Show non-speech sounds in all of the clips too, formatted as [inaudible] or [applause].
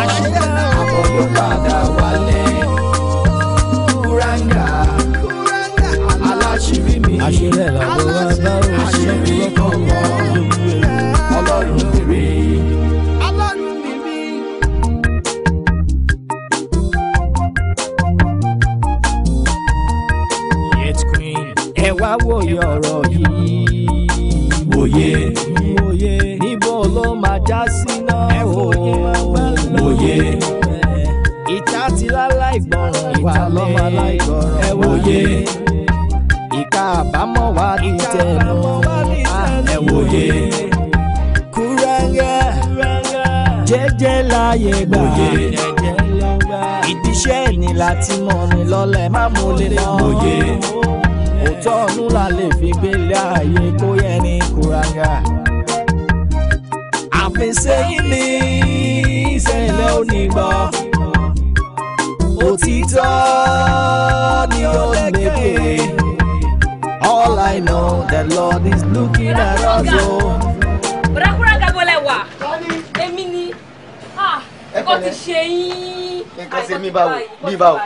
àṣìlá àkọ́kọ́ padà wálé. Kúráńgà aláṣírí mi. Àṣìlẹ̀ làbọ̀ wá bá òṣèlú lọ́kọ̀ọ̀kan. Ọlọ́run rèé. ẹ wá wòye ọ̀rọ̀ yìí. wòye ìka àbámọ̀ wá ní tẹnu ẹ wòye kúrẹ́ngẹ́ jẹ́jẹ́ láyé gbà ìdíṣẹ́ ni láti mọ̀ ní lọ́lẹ̀ má mo lè lọ wòye òótọ́ ọ̀nù la lè fi gbélé ààyè kó yẹ ní kúrẹ́ngà àfẹsẹ̀yìn ní ìṣẹ̀lẹ̀ onígbọ̀n. Òtítọ́ ni ó gbẹ̀gbẹ̀. All I know the Lord is looking at us o. Bùrákúrágà bó lẹ wà? Èmi ni ẹ̀kọ́ ti ṣe yín. Nǹkan ṣe mí báwo bí báwo.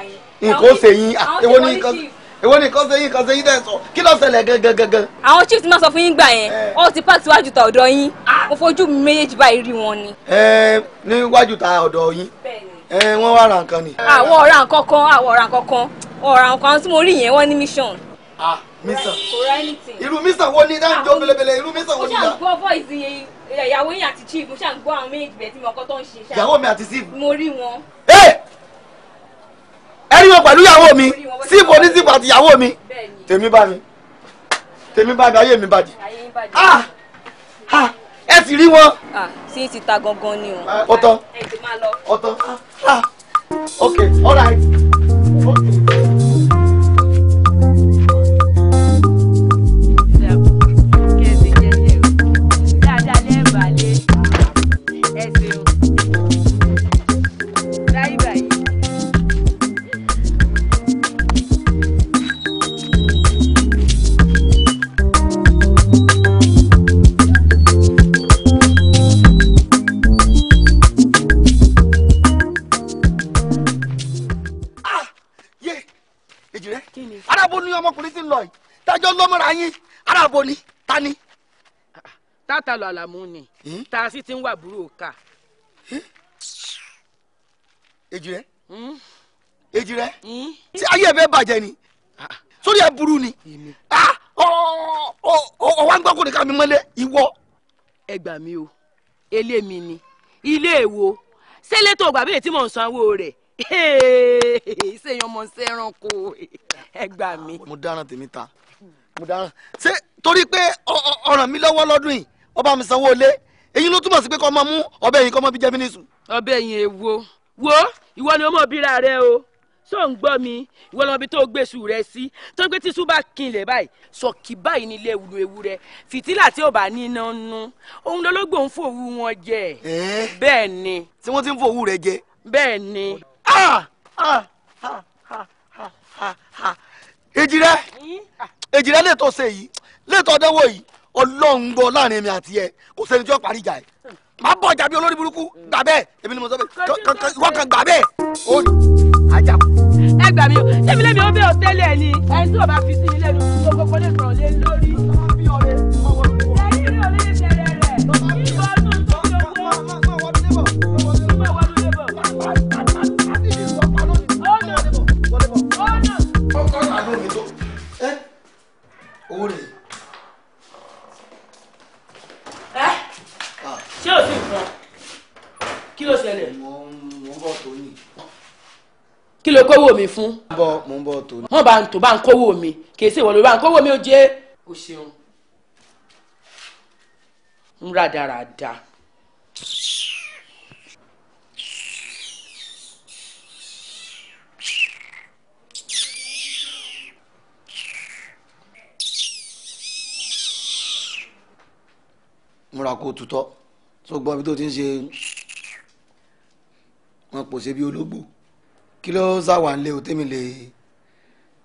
Nǹkan ṣe yín èwo ni nǹkan èwo ni nǹkan ṣe yín nǹkan ṣe yín dẹ̀ sọ kí ló ṣẹlẹ̀ gangan gangan. Àwọn chiefs máa sọ fún yín gbà yẹn ó eh. ti pàṣẹ iwájú ta ọ̀dọ̀ yín ah. mo fojú mi méjèèjì báyìí rí wọn ni. Ẹ eh, níwájú ta ọ̀dọ̀ yín ẹ wọ́n wá ra nǹkan ni. àwọn ah, ah, ọ̀rá nǹkan kan àwọn ọ̀rá nǹkan kan ọ̀rá nǹkan tí mo rí yẹn wọ́n ní mission. ah mission irú mission wo ni dáhùn ah, jó belebele irú mission wo ni dá. mo ṣàǹgbọ́ voice ìyàwó yín àti chief mo ṣàǹgbọ́ àwọn méjì bẹ̀ẹ́ tí mo kọ́ tó ń ṣe. ìyàwó mi àti chief. mo rí wọn. ẹ ẹ rí wọn pẹ̀lú ìyàwó mi chief oní chief àti ìyàwó mi tèmi bá mi tèmi bá mi ayé mi bàjẹ́ ah ẹ ti rí wọn. sí ah, ti ta gangan ni o. ọtọ ọtọ ah, ah, ok all right. Okay. níbo ni ta ni. tata lọ àlàmú ni tá a sì ti ń wà búrò ká. èjì rẹ èjì rẹ tí ayé ẹ fẹ́ bàjẹ́ ni ah. sórí ẹ burú ni ah, ọwọ́ ń gbọ́kùnrin ká mi mọ́lẹ̀ ìwọ. ẹ gbà mí o ilé mi ni ilé èwo sẹ́lẹ̀ tó gbà bẹ́ẹ̀ tí mò ń sanwó rẹ̀ ṣèyàn mọ̀ ń sẹ́ranko ẹ gbà mí. mo dáràn tèmi ta mo dáràn ṣé torí pé ọ̀ràn mi lọ́wọ́ lọ́dún yìí ọba mi sanwó lé èyí ló túmọ̀ sí pé kọ́ ọmọ mú ọbẹ̀ yìí kọ́ ọmọ bí jẹ́ mínísù. ọbẹ̀ yìí èwo wo ìwọ ni ọmọ bíra rẹ o sọ ń gbọ́ mi ìwọ lọ́mọ bí tó gbèsù rẹ sí tó ń gbé tí súbà kinlẹ̀ báyìí sọ̀kì báyìí nílé ewúro ewúrẹ́ fìtílà tí ò bá níná nu òun lọ́lọ́gbò ń fòwú wọn jẹ bẹ́ẹ̀ ni. tí wọ́n ti ń fòwú rẹ jẹ. bẹ́ẹ̀ ni. Ah! Ah! Ah! èjì èjì rẹ lẹ́tọ̀ ṣe yìí lẹ́tọ̀ ọdẹ́wọ̀ yìí ọlọ́run gbọ́ láàrin èmi àti ẹ kò sẹ́ni tí ó parí ìjà ẹ̀ màá bọ̀ jàbí olórí burúkú gbà bẹ́ẹ̀ èmi ni mo sọ bẹ́ẹ̀ wọ́n kan gbà bẹ́ẹ̀ ó ajá. ẹ gbà mí o ṣé mi lè mi ò bẹ́ẹ̀ ò tẹ́lẹ̀ ni ẹni tí o bá fi sí mi lẹ́nu gbogbo lè sọ ló kówó mi fún. bọ mo ń bọ tó. wọn bá ń tó bá ń kówó mi kì ṣe ìwọ bá ń kówó mi ó jẹ. o ṣeun ń rà dáradára. múra kó tutọ́ tó gbọ́ ibi tó ti ń ṣe wọn pò ṣe bí ológbò kí ló sáwà ń lé o tèmi lè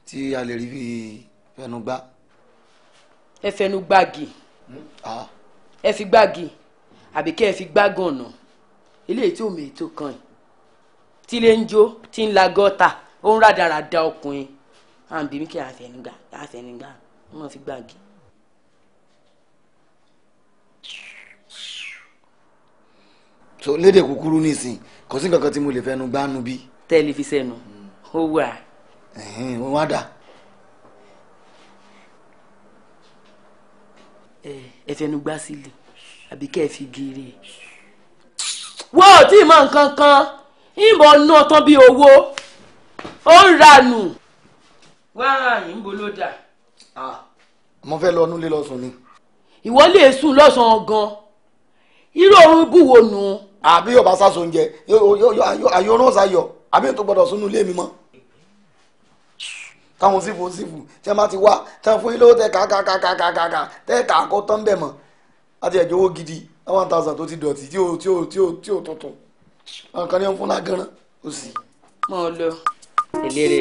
tí a lè rí fi fẹnu gbá. ẹ fẹnu gbági ah. ẹ fi gbági àbí kẹ́ ẹ fi gbágàn ọ̀nà eléyìí tí òmè ètò kan tí lè ń jó tí ń la gọ́ta ó ń rádaràda ọkùnrin à ń bí mi kí àfẹnugbà àfẹnugbà wọn fi gbági. so lédè kúkúrú nísìn kò sí kankan tí mo lè fẹnu gbánu bíi tẹlifíṣẹ nu ó wà. wọn á dà. ẹ fẹnu gbá sílẹ̀ àbí kẹ́ ẹ fi gèrè. wọ́n ò tí ì mọ nǹkan kan ìbọn náà tán bí owó ó ń ranù. wá ìbò ló dà. mo fẹ́ lọ nulẹ̀ lọ́sùn ni. ìwọ lè sùn lọ́sàn-án gan irú òun bù wo nù. àbí yóò bá sá so oúnjẹ ayọ̀ náà sá yọ àbí ètò gbọdọ̀ sínú ilé mi mọ́ táwọn sífù sífù tí wọ́n bá ti wá tí wọ́n fún yín lówó tẹ kàkàkàkàkàkà tẹ kàkó tán bẹ̀ mọ́ láti ẹ̀jọ̀ owó gidi one thousand tó ti dọ̀tí tí ò tí ò tí ò tí ò tuntun àwọn kan ní wọn fún lágànrán ó sì. mo lọ eléré.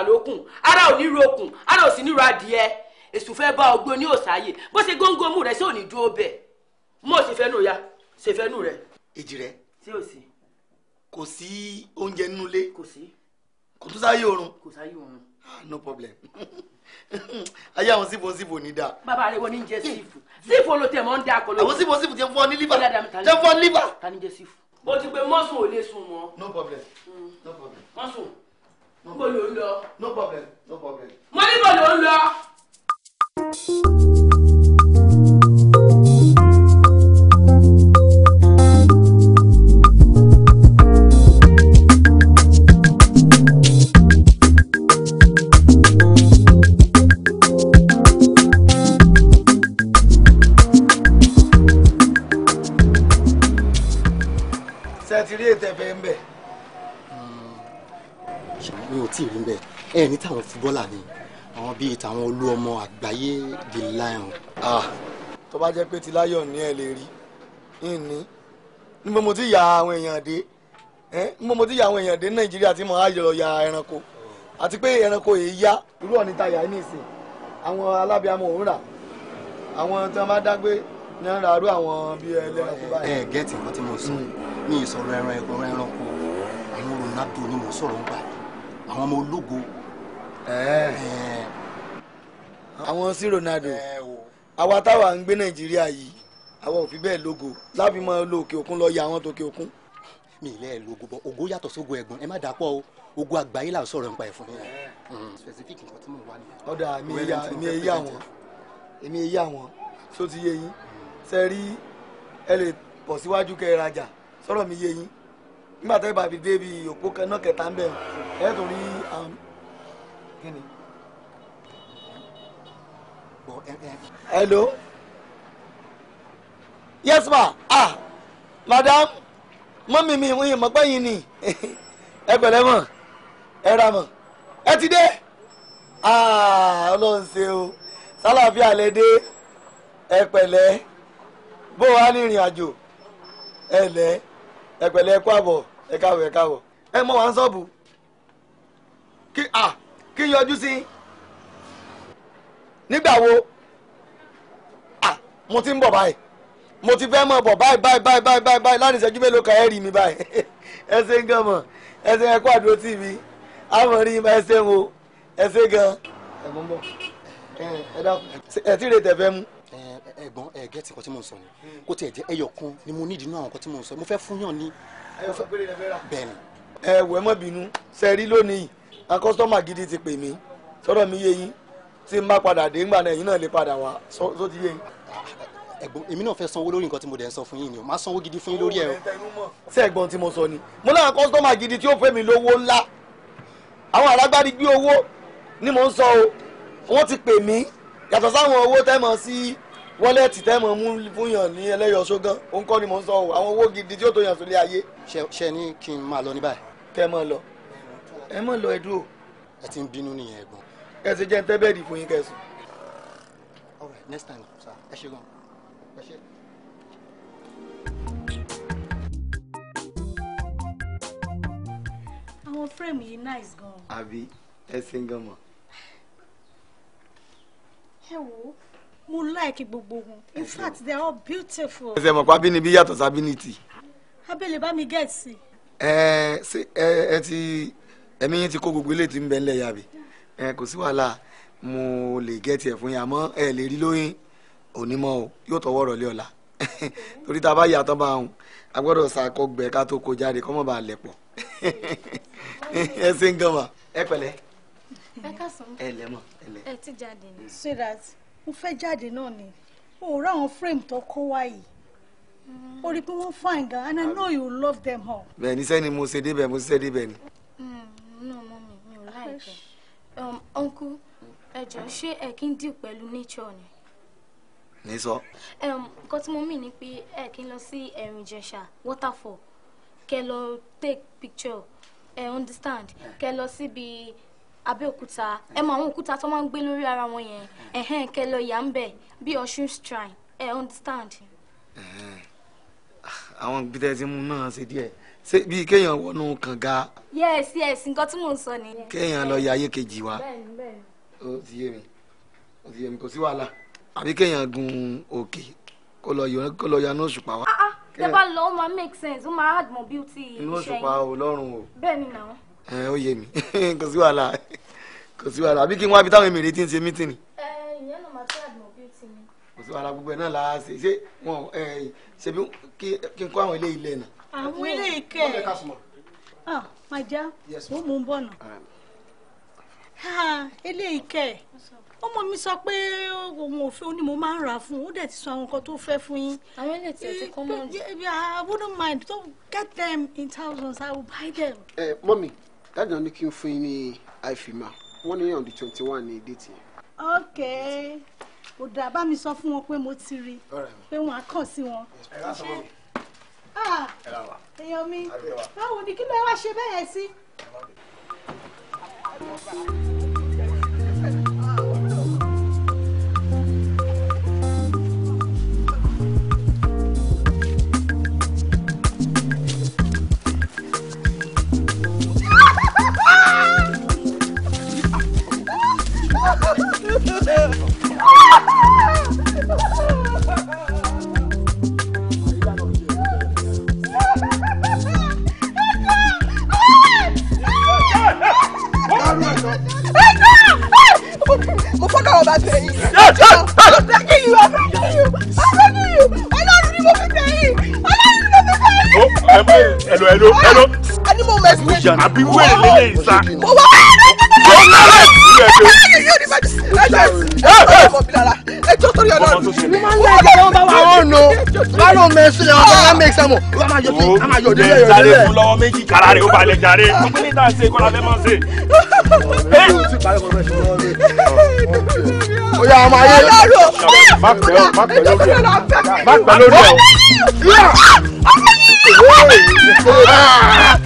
ìbà lókun ara ò ní ro okùn ara ò sì ní ro adìẹ èṣù fẹ́ bá ọgbẹ́ ní òsáyè bó ṣe góńgó mú rẹ̀ sí òní dúró bẹ̀ mo sì fẹ́ nù ya ṣe fẹ́ nù rẹ̀. èjì rẹ sí ò sí. kò sí oúnjẹ nínú ilé kò sí. kò tún sáyé oorun kò sáyé oorun. Ah, no problem [laughs] ayé àwọn sífò sífò ní dáa. bàbá rẹ wo ni ń jẹ sífò sífò ló tẹ mọ ń da akọlọ. àwọn sífò sífò tẹ fọ ní liver tẹ fọ ní liver. ta ni jẹ sífò. mo ti pe mọ́sùn ò lè sùn mọ́. no problem mm. no problem. mọ́sùn no problem no problem. Money ní bó ló ẹ ní táwọn fúbọ́là ni àwọn bíi táwọn olú ọmọ àgbáyé the lion. Ah. tó bá jẹ́ pé ti lion ní ẹ lè rí ń ní níbo mo ti ya àwọn èèyàn dé níbo mo ti ya àwọn èèyàn dé nàìjíríà tí mo á yọ ya ẹranko àti pé ẹranko yìí yá irú ọ̀nì tayà ní ìsìn àwọn alábíàmọ̀ òun rà àwọn tí wọ́n bá dágbé ní ń ra irú àwọn bíi ẹlẹ́ranko báyìí. ẹ gẹ́tì nǹkan tí mo sọ ní hmm. ìsọ̀rọ̀ ẹran ẹ̀kọ́ ẹranko àwọn Ronaldo ni mo sọ̀rọ̀ ń gbà àwọn ọmọ ológo Eh, eh. àwọn sí Ronaldo eh, àwa táwa ń gbé Nàìjíríà yìí àwa ò fi bẹ́ẹ̀ lógo láfi máa lo òkè òkun lọ ya àwọn tòkè òkun. mi ì lẹ́ẹ̀ lógo bọ́ ògo yàtọ̀ sógo ẹ̀gbọ́n ẹ má dà pọ̀ o ògo àgbáyé là ń sọ̀rọ̀ nípa ẹ̀ fún mi. Hmm. specific nǹkan tí mo wà ní. ọ̀dà mi ẹ yá wọn èmi ẹ yá wọn só ti yé yín ṣe rí ẹ lè pọ̀ síwájú kẹ́ ẹ rajà sọ̀rọ̀ mi yé yín nígbà tẹ́ bá fi òpó náà kẹta ń bẹ̀ ẹ̀ tó rí um, kíni. hello yes ma ah madam mọ́mí mi ìwọ̀nyí mọ̀ pé yìí ni [laughs] ẹ pẹ̀lẹ́ mọ̀ ẹ ra mọ̀ ẹ ti dé ah, ọlọ́run ṣe o sálàfíà lẹ dé ẹ pẹ̀lẹ́ bó wàá ní ìrìn àjò ẹ lẹ́ ẹ pẹ̀lẹ́ ẹ kú àbọ̀ ẹ káwọ̀ ẹ káwọ̀ ẹ mọ̀ wá ń sọ́ọ̀bù kí ah kí n yọjú sí nígbà wo ah mo ti ń bọ̀ báyìí mo ti fẹ́ mọ̀ bọ̀ báyìí báyìí báyìí báyìí báyìí báyìí láti ìṣẹ́jú mélòó kan ẹ̀ rí mi báyìí [laughs] ẹ ṣe ń gan mọ̀ ẹ ṣe àdúró tì mí àmọ̀ rí ẹ ṣe ń wo ẹ gan. ẹ̀gbọ́n bọ̀ ẹ dákun. ẹ ti rè tẹ̀fẹ́ mú. ẹ̀gbọ́n ẹ gẹ́tì kan tí mo ń sọ ni kó tiẹ̀ jẹ́ ẹyọ kan ni mo ní ìdùnnú àwọn kan tí mo ń sọ mo fẹ́ fún yàn ni. ẹ wẹ́ mọ́ bínú sẹ́rí lónìí àwọn kọ́sítọ́mà gidi ti pè mí sọ́dọ̀ mi yé yín tí n bá padà dé ńgbà náà ẹ̀yin náà lè padà wá só ti yé yín. ẹ̀gbọ́n èmi náà fẹ́ sanwó lórí nǹkan tí mo dẹ̀ ń sọ fún yín ni o máa sanwó gidi fún yín lórí ẹ̀ o. sí ẹ̀gbọ́n tí mo sọ ni mo láwọn kọ́sítọ́mà gidi tí ó fẹ́ mi lówó ńlá àwọn alágbárí gbé owó ni mo ń sọ o wọ́n ti pè mí yàtọ̀ sáwọn owó tẹ́mọ̀ sí wọ́lẹ́ẹ̀tì tẹ́mọ̀ mú fún yàn ní ẹlẹ́yọ̀ ṣógán òun kọ́ ni mo ń sọ o àwọn owó gidi tí ó ni kí n máa lọ ní ẹ mọ̀ lọ ẹdúró. ẹ ti ń bínú nìyẹn ẹ̀gbọ́n. ẹ ṣe jẹ́ ntẹ́bẹ̀ẹ́dì fún yín kẹsùn. all next time sir ẹ ṣe gan àwọn frame yìí nice gan. àbí ẹ ṣe ń gan mọ. ẹ wo mo like gbogbo wọn in fact they are all beautiful. ẹ ṣe mọ̀ pa abínibí yàtọ̀ sí abínitì. abẹ́lẹ̀ bá mi get sí. ẹ ẹ ẹ ti ẹ̀mí yín ti kó gbogbo ilé tí ń bẹ ńlẹ̀ yàbí ẹ kò sí wàhálà mo lè gẹ́tì ẹ̀ fún yín àmọ́ ẹ lè rí lóyún onímọ̀ o yóò tọwọ́ rọ̀lẹ́ ọ̀la [laughs] torí tá a bá yàtọ̀ bá ń a gbọ́dọ̀ ṣàkọgbẹ́ ká tó kó jáde kọ́mọ́ bá lẹ̀ pọ̀ [laughs] ẹ ṣe ń gànmà ẹ pẹ̀lẹ́ ẹ kásán ẹ lẹ́mọ̀ ẹ lẹ́ ẹ ti jáde ni. sweetheart mo fẹ́ jáde náà ni mo rà àwọn frame tó kó wá yìí o mm. pé wọ́n fine gan and i know you love them all. bẹ́ẹ̀ ni sẹ́ni mo ṣe débẹ̀ mo ṣe débẹ̀ ni. Um, uncle, ẹ jọ̀ọ́ ṣé ẹ kí ń deal pẹ̀lú nature ni? Ní sọ. Um, nǹkan tí mo mì ni pé ẹ kí ń lọ sí Ẹ̀rìn Ìjẹ̀ṣà waterfall kẹ lọ take picture ẹ understand kẹ lọ síbi Abẹ́òkúta ẹ mọ àwọn òkúta tó máa ń gbé lórí ara wọn yẹn mm. kẹ lọ yà ń bẹ̀ bí Ọ̀ṣun shrine ẹ understand. Ah, àwọn gbígbẹ́ tí mo náà ṣe díẹ̀ ṣé bíi kéèyàn wọnú kànga. yes yes nǹkan tí mò ń sọ nìyẹn. kéèyàn lọ ya ayé kejì wa ó ti yé mi ó ti yé mi kò sí wàhálà àbí kéèyàn gun òkè kó lọ yọ kó lọ yanú Ah, wa. Ah, tẹ bá lọ ó máa make sense ó máa add more beauty iṣẹ́ yìí. inú òṣùpá o lọ́rùn o. bẹ́ẹ̀ ni náà. ẹ ó yé mi [laughs] kò sí wàhálà kò sí wàhálà àbí kí n wá ibi táwọn èmi retí ń ṣe mítìnì. ẹ ìyẹn ló máa tẹ add more beauty ni. kò sí wàhálà gbogbo ẹ náà la ṣe ṣé wọn ṣe bí kí n kó àwọn ilé ilẹ̀ náà àwọn ilé ìkẹ́ ẹ̀ màjá mo mú un bọ̀nà ilé ìkẹ́ ẹ̀ ọmọ mi sọ pé òun ò fẹ́ ó ní mo máa ń rà fún un ó dẹ̀ ti sọ àwọn nǹkan tó fẹ́ fún yín. àwọn ilé tí ẹ ti eh, kọ́ mọ́ jù. I wouldn't mind to get them in thousands I will buy them. ẹ mọ́mì dájọ́ ní kí n fún yín ní àìfìmá wọ́n ní on the twenty one ní déètì yẹn. ok kò dà bá mi sọ fún wọn pé mo ti rí i pé wọn á kàn sí wọn. ẹ lásán mọ́mì. Ah, èèyàn mi báwo ni kí lè wá ṣe bẹ́ẹ̀ sí. Thank you. àbí wẹ́ẹ̀ lélẹ̀ ìsà. ẹjọ́ torí ọlọ́run ọlọ́run no ọlọ́run mẹ́sìn ọ̀hún ọlọ́run mẹ́sìn ọ̀hún ọlọ́run máa yọ sí ọlọ́run máa yọ sí ọlọ́run máa yọ sí ọlọ́run máa lọ́wọ́ méjì kára rẹ̀ ó balẹ̀ jàre kí ni ṣe kọ́lá fẹ́ máa ṣe. ó yà ọmọ ayé má pẹ́ ó má pẹ́ lórí ẹ̀ má pẹ́ lórí ẹ̀.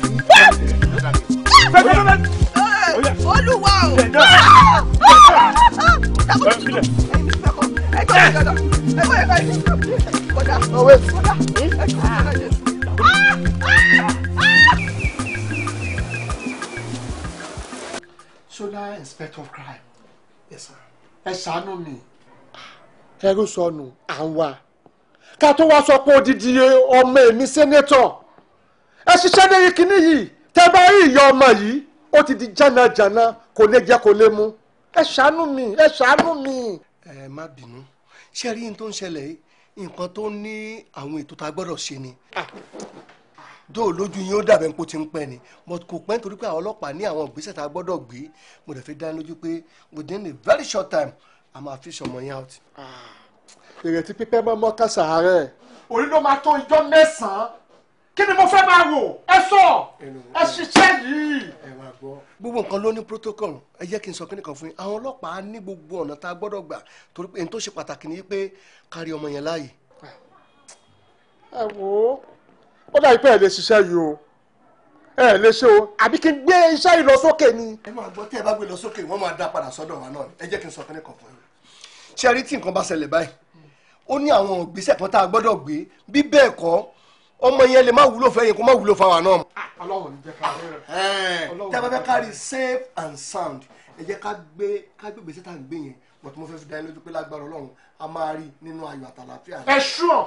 sọnù ẹrú sọnù àwa ká tó wá sọ pé odidi ọmọ èmi sẹ́nẹ́tọ̀ ẹ ṣiṣẹ́ lórí kinní yìí tẹ́ bá rí ìyá ọmọ yìí ó ti di jánajàna kò lè jẹ kò lè mu ẹ ṣàánú mi ẹ ṣàánú mi. ẹ má bínú ṣé rí n tó ń ṣẹlẹ̀ nǹkan tó ní àwọn ètò tá a gbọ́dọ̀ ṣe ni dóò lójú yín ó dàbẹ̀ pé ó ti ń pẹ́ ni but kò pẹ́ nítorí pé àwọn ọlọ́pàá ní àwọn ìgbésẹ̀ tá a gbọ́dọ̀ gbé mo dẹ̀ fi dá lójú pé within a very short time a máa fish ọmọ yẹn out. ìrètí ah. pípẹ́ mọ́ mọ́ kásà àárẹ̀. òní ló máa tó ìjọ mẹ́sàn-án kí ni mo fẹ́ máa wò ẹ sọ ẹ ṣiṣẹ́ yìí. gbogbo nǹkan ló ní protocol ẹ jẹ́ kí n sọ kí nìkan fún yín àwọn ọlọ́pàá ní gbogbo ọ̀nà tá a gbọ́dọ̀ gbà torí pé n tó ṣe pàtàkì ni pé kárí ọmọ yẹn láàyè. Ah. ẹ wo ó dàbí pé ẹ lè ṣiṣẹ́ yìí o ẹ lè ṣe o àbí kí n gbé iṣẹ́ ìlọsókè ni. ẹ máa gbọ́ tí ẹ bá gbé lọ sókè wọ́n máa dá padà sọ́dọ̀ wa náà ẹ jẹ́ kí n sọ fún ẹnìkan fún yín. ṣé ẹ rí tí nǹkan bá ṣẹlẹ̀ báyìí ó ní àwọn ògbésẹ̀ kan tá a gbọ́dọ̀ gbé bí bẹ́ẹ̀ kọ́ ọmọ yẹn lè má wúlò fẹ́ yẹn kó má wúlò fáwa náà. Ah, ọlọ́run ní jẹ́ ká rí rẹ̀. tẹ́ bá fẹ́ ẹ jẹ́ ká gbé ká but mo fẹ́ fi dání lójú pé lágbára ọlọ́run a máa rí nínú ayọ̀ àtàlàfíà. ẹ ṣúọ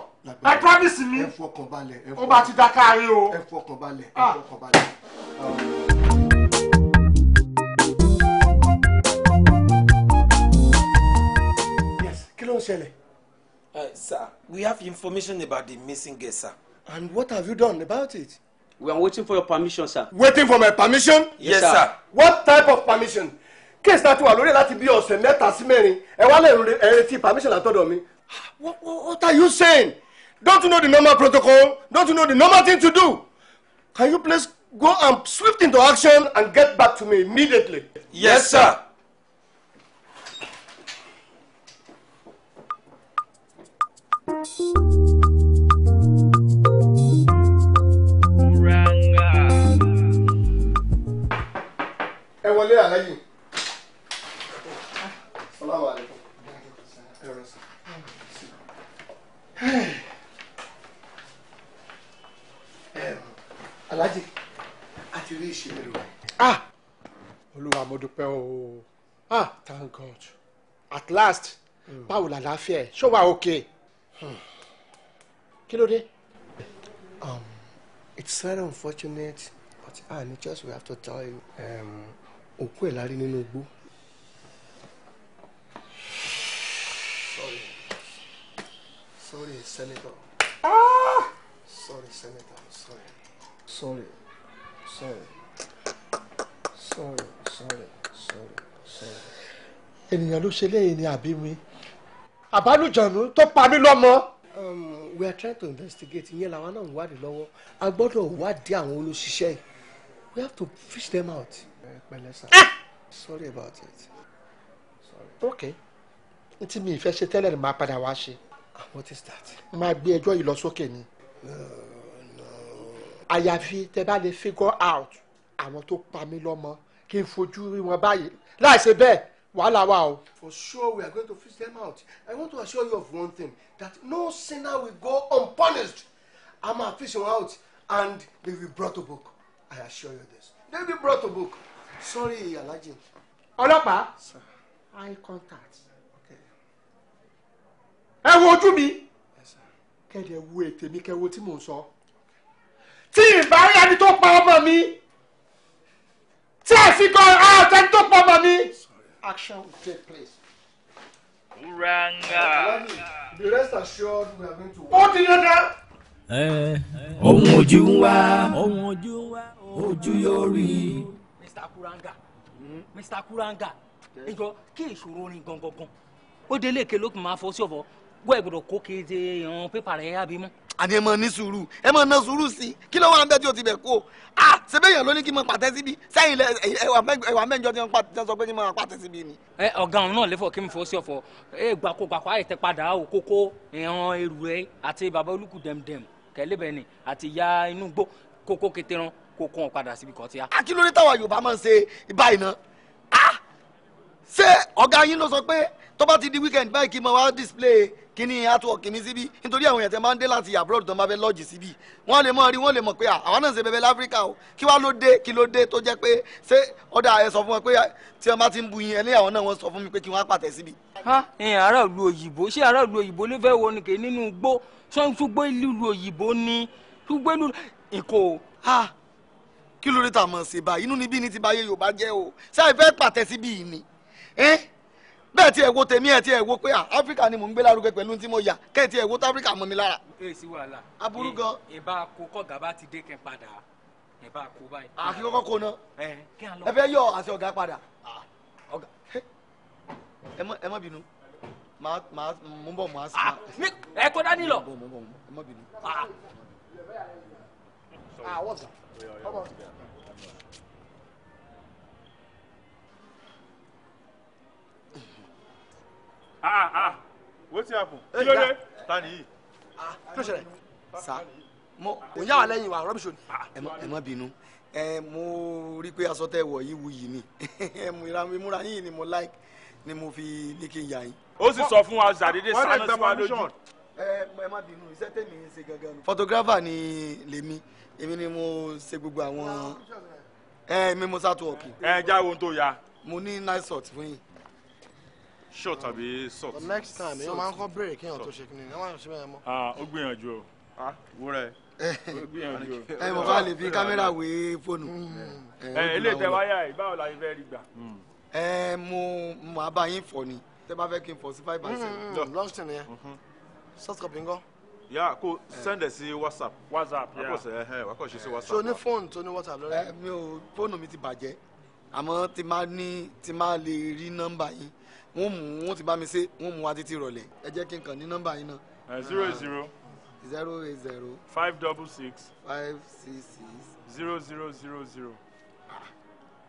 ẹ promise mi. ẹ fọkàn balẹ̀ ó bá ti da káàárín o. ẹ fọkàn balẹ̀ ẹ ah. fọkàn balẹ̀. Ah. yes kí ló ń ṣẹlẹ̀. Eh, sir we have information about the missing guest, sir. and what have you done about it. we are waiting for your permission sir. waiting for my permission. yes, yes sir. sir. what type of permission kéèsì náà ti wà lórí láti bí ọ̀sẹ̀ mẹ́ta sí mẹ́rin ẹ wá lẹ́rù ẹ̀rẹ́tì permission látọ̀dọ̀ mi. what are you saying? don't you know the normal protocol? don't you know the normal thing to do? can you please go and swift into action and get back to me immediately? yes sir. ẹ wọlé àlàyé. alhaji a ti rí ìṣẹ̀lẹ̀ rẹ̀. ah olúwa mo dúpẹ́ o ah thank god at last hmm. báwo la láàfin ẹ̀ ṣó wà òkè hmm. kí ló dé. um it's very unfortunate but ah just we have to tell you òkú ẹ̀ la rí nínú igbó. Sorry, Senator. Ah! Sorry, Senator. Sorry. Sorry. Sorry. Sorry. Sorry. Sorry. Sorry. Ènìyàn ló ṣe léyìn ni àbí mi. Àbálùjọ̀nù tó pa mí lọ́mọ. Um, we are trying to investigate. Ìyẹn làwọn náà ń wádìí lọ́wọ́. A gbọ́dọ̀ wádìí àwọn olóṣìṣẹ́ yìí. We have to fish them out. Pẹ̀lẹ́ sá. Ah! Sorry about it. Sorry. Okay. Ntí mi ìfẹ́ ṣe tẹ́lẹ̀ ni màá padà wá ṣe. Ah, what is that. máa gbé ẹjọ́ yìí lọ sókè ni. àyàfi tẹ bá lè figure out àwọn tó pa mí lọ́mọ kí n fojú rí wọn báyìí láìsí bẹ́ẹ̀ wàhálà wà o. for sure we are going to fish them out i want to assure you of one thing that no sinner will go unpunished i'm gonna fish them out and they will be brought to book i assure you this they will be brought to book sorry alhaji. ọlọ́pàá eye contact ẹ wo ojú mi kẹ́ẹ̀dẹ̀ wo ètè mi kẹ́ẹ̀ wo tí mò ń sọ tí ìbá rí ẹni tó pa ọmọ mi tí àfikọ́ ọ̀tẹ́ni tó pa ọmọ mi action take place. Uranga. The rest assured we are going to. Ó ti yẹ dá. Ohun ojú ń wá. ojú yóò rí. Mr. Kuranga. Mr. Kuranga. Ìjọ kí ìṣòro orin gangan gan. Ó délé èké ló kì máa fọ́ sí ọ̀bọ gbọ́ ẹ̀ gbọ́dọ̀ kó kéde ìran pépà rẹ̀ yá bí mọ́. àní ẹ máa ní sùúrù ẹ máa ná sùúrù sí i kí ló wà ń bẹ tí o ti bẹ̀ kó o à sẹ́bẹ̀yàn ló ní kí n máa pàtẹ́ síbi sẹ́yìn lẹ ẹwà mẹ́jọ tí wọ́n sọ pé kí n máa pàtẹ́ síbi ni. ẹ ọ̀gá òun náà lẹ́fọ̀ kí n fọ́ sí ọ̀fọ̀ ẹ gbàkógbàkó àìtẹ́ padà o kókó ìran èrù rẹ àti bàbá olùkù dẹ̀mdẹ̀m kẹ́lẹ́bẹ̀ ni àti ya inú gbó kókó kéterán kókó wọn padà síbi kọ́ tíya. akílódé táwa Yorùbá máa ń ṣe báyìí náà ṣé ọ̀gá yín ló sọ pé tó ti di weekend báyìí kí n máa wá display Kini ni artwork mi síbí nítorí àwọn èèyàn tẹ máa ń dé láti abroad tó máa fẹ́ lọ́ọ̀jì síbí wọ́n lè mọ̀ rí wọ́n lè mọ̀ pé àwa náà ṣe bẹ̀bẹ̀ láfíríkà o kí wàá ló dé kí ló dé tó jẹ́ pé ṣé ọ̀dà ẹ sọ fún wọn pé tí wọ́n bá ti ń bu yín ẹni náà wọ́n sọ fún mi pé kí wọ́n á pàtẹ síbí. ha ẹ̀yin ará ìlú òyìnbó ṣé ará ìlú òyìnbó ló fẹ́ wọnú kè nínú igbó ni ṣùgbọ́n ìlú èkó ha kí lóore tà mọ̀ ṣèbà inú ni ti bẹ́ẹ̀ ti ẹ wo tèmi ẹ tí ẹ wo pé áfíríkà ni mò ń gbé lárugẹ tí mo yà kẹ́ ẹ ẹ wo táfíríkà mọ́ mi lára. ee wàhálà aburú gan. ìbá ko bá ti dé kẹ́ padà ìbá ko báyìí. àfi kọ́kọ́ ko ná ẹ fẹ́ yọ àti ọ̀gá padà ọ̀gá ẹ má bínú màá màá mú bọ̀ màá ẹ kó dání lọ. ẹ bínú. ọ̀gá ah ah wetin happen. Eh, kí ló dé ta nìyí. tó ah, ṣẹlẹ̀ sa mo ò yá wa lẹ́yìn wa rọ́bìṣọ ni. Ah. ẹ má bínú ẹ mo rí i pé aṣọ tẹ wọ̀ yìí wuyì mi [laughs] ìmúra yín ni mo like ni mo fi ní kí n yà yín. ó sì sọ fún wa ṣàdédé sáré sí wa lójú. ẹ ẹ bínú iṣẹ́ tèmi ń ṣe gangan photographer ni lèmi èmi ni mo ṣe gbogbo àwọn ẹ mi mo ṣàtúwọ̀kì. ẹ jáwé ohun tó ya. mo ní nice shot fún yín short àbí soft. the next time èèyàn máa ń kọ́ béèrè kéèyàn tó ṣe kíni ẹ máa ṣe bẹ́ẹ̀ mọ́. ó gbìyànjú o wúrẹ́ [laughs] ó gbìyànjú o. ẹ mọ̀ bá lè fi kámẹ́rà wé fóònù. Mm. ẹ ilé ìtẹ̀wáyà yìí báwo la fẹ́ rí gbà. Mm. ẹ mo máa bá yín fọ ni tẹ bá fẹ́ kí n fọ sí five by seven. lunch ten yẹn mm-hmm. soft copy ń ya ko send ẹ sí whatsapp. whatsapp ya wakọ̀ ṣe sí eh, whatsapp. so ní fóònù tó ní whatsapp lọ́rẹ́. Eh, mi ò fóònù mi ti bàjẹ́ àmọ́ ti máa ní ti máa lè rí nọ́mbà yín wọ́n mú wọ́n ti bá mi ṣe wọ́n mú wa títí rọ̀lẹ́ ẹ jẹ́ kí n kàn ní nọ́mbà yín náà. zero zero. zero eight zero. five double six. five six six. zero zero zero zero. Ah,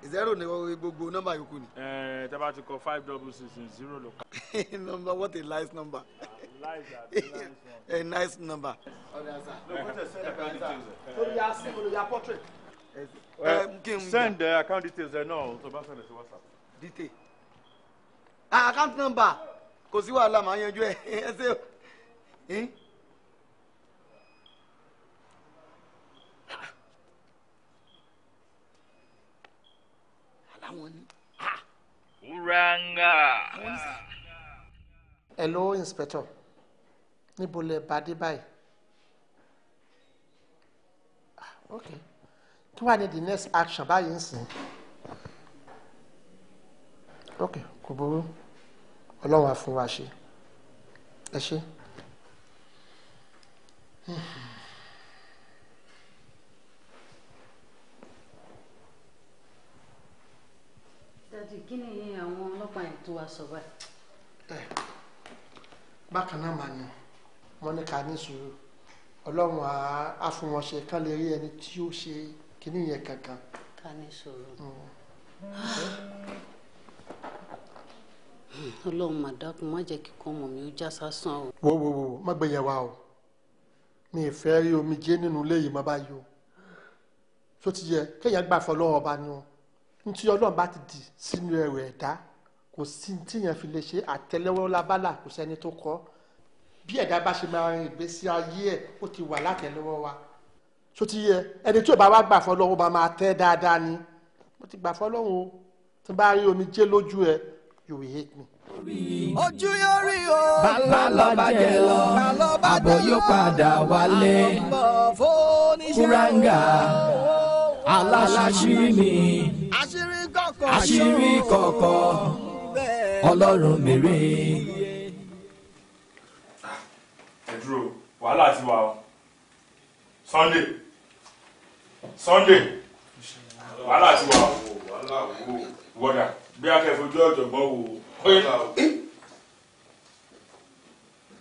zero ni gbogbo nọ́mbà yòókù ni. ẹ tẹ́ bá ti kọ five double six zero ló kọ. [laughs] number what a nice number. [laughs] a nice number. send the um, uh, account details ẹ náà to bá send sí whatsapp. detail account number kò sí wàhálà màá yanjú ẹ [laughs] ẹ ṣe o. aláwọn ni. uranga. hello inspector níbo lẹ bá dé báyìí. Ah, ok kí wàá ní the next action báyìí ń sìn. ok kò burú. Cool ọlọ́run á fún wa ṣe ẹ ṣe. dájú kí ni àwọn ọlọ́pàá yẹn tó wá sọ báyìí. bákan náà màá ní wọn ní ká ní sùúrù ọlọ́run á fún wọn ṣe kán lè rí ẹni tí ó ṣe kíní yẹn kankan. ká ní sùúrù. Mm. [gasps] ọlọ́run mà dákun má jẹ́ kíkọ́ ọmọ mi ó já sásán o. wo wo wo má gbé yẹn wá o mi ì fẹ́ rí omi jẹ́ nínú ilé yìí má bá yọ tó ti yẹ kéèyàn gbà fọ lọ́wọ́ ọba ni o ntí ọlọ́run bá ti dì sínú ẹrù ẹ̀dá kò sí tíyẹn fi lè ṣe àtẹ́lẹwọ́ lábálà kò sẹ́ni tó kọ́ bí ẹ̀dá bá ṣe máa rìn ìgbésí ayé ẹ̀ ó ti wà látẹ́lẹwọ́ wa tó ti yẹ ẹni tí bá wá gbà fọ lọ́wọ́ ọba máa tẹ́ dáadáa ni mo ti gbà fọ lọ́wọ́ o tí bá rí omi jẹ́ lójú ẹ̀ you will hate me. ojú yóò rí o. bàlọ́ bá jẹ lọ àbọ̀ yóò padà wálé kúráǹgà aláṣírí mi àṣírí kọ̀kọ̀ ọlọ́run mèrè. ẹ dúró wàhálà ti wà o Sunday Sunday wàhálà ti wà o wọ́dà bí akẹ́fojú ọ̀jọ̀gbọ́n wò ó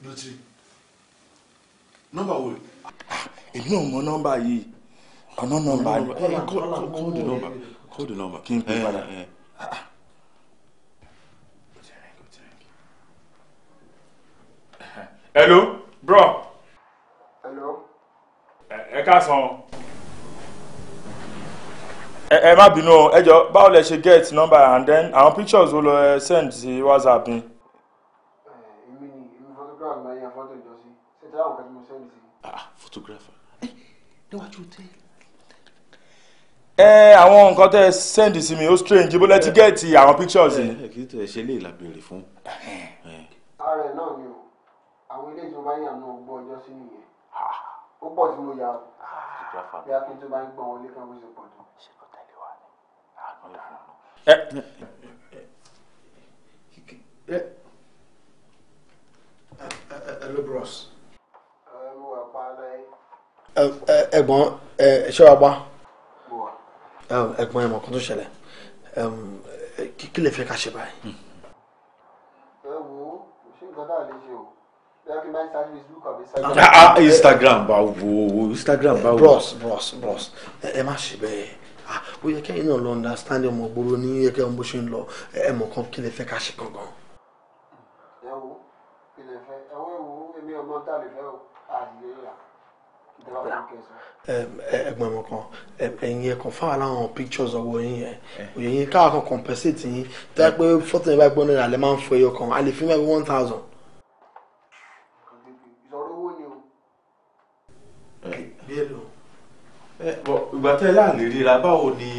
lọtiri eh? nọ́mbà wo. èmi náà mọ nọ́mbà yìí ọ̀nà nọ́mbà kóòdù nọ́mbà kóòdù nọ́mbà kí n pè padà. Eh, eh, hello bro. hello. ẹ ká sàn ẹ má bínú o ẹ jọ báwo lẹ ṣe get number and then àwọn pictures wo lọ ẹ send sí whatsapp mi. èmi ni èmi photographer máa ń ya fọ́tò ìjọ sí ṣe tí àwọn kan tí send sí. ah photographer ẹ eh, níwájú tẹ. ẹ àwọn nǹkan tẹ send sí mi ó strange bó lẹ ti get àwọn pictures yìí. ẹ eh, eh, kì í tẹ ṣe lè la béèrè fún. ara ẹ náà ni o àwọn ilé tí mo bá ń yà náà gbọ́ ọjọ́ sí nìyẹn ah. ó pọ̀ tí mo yà ó ah. bí a kí n tó bá ń gbọ́ wọlé kan bó ṣe pọ̀ tó ẹlẹbros. Eh. ẹ̀gbọ́n ẹ ṣé wàá pa ẹ̀gbọ́n ẹmọ kan tó ṣẹlẹ̀ kí lè fẹ́ ká ṣe báyìí. Hmm. ẹ wo ṣé nǹkan náà lè ṣe o ah, ah, instagram bá wo instagram bá wo. bros bros bros ẹ má ṣe bẹ́ẹ̀ ó yẹ kẹ́yìn náà lọ understand ọmọ gbòòrò ní ẹ̀kẹ́ ọmọ bó ṣe ń lọ ẹ̀mọ̀ kan kí lè fẹ́ ká ṣe gangan. ẹ kí lè fẹ́ ẹ wo èmi ọmọ tá lè fẹ́ o àyè ẹ̀gbọ́n mi kan ẹ̀yin ẹ kàn fáwọn aláwọn pictures ọwọ́ yín yẹn òye yín káwọn kan compensate yín tẹ pé fọtún ẹ bá gbọ́ náírà lẹ máa ń fọ ẹyọ kan àlè fún mi one thousand ìgbà tẹ́ láàlè ríra báwo ni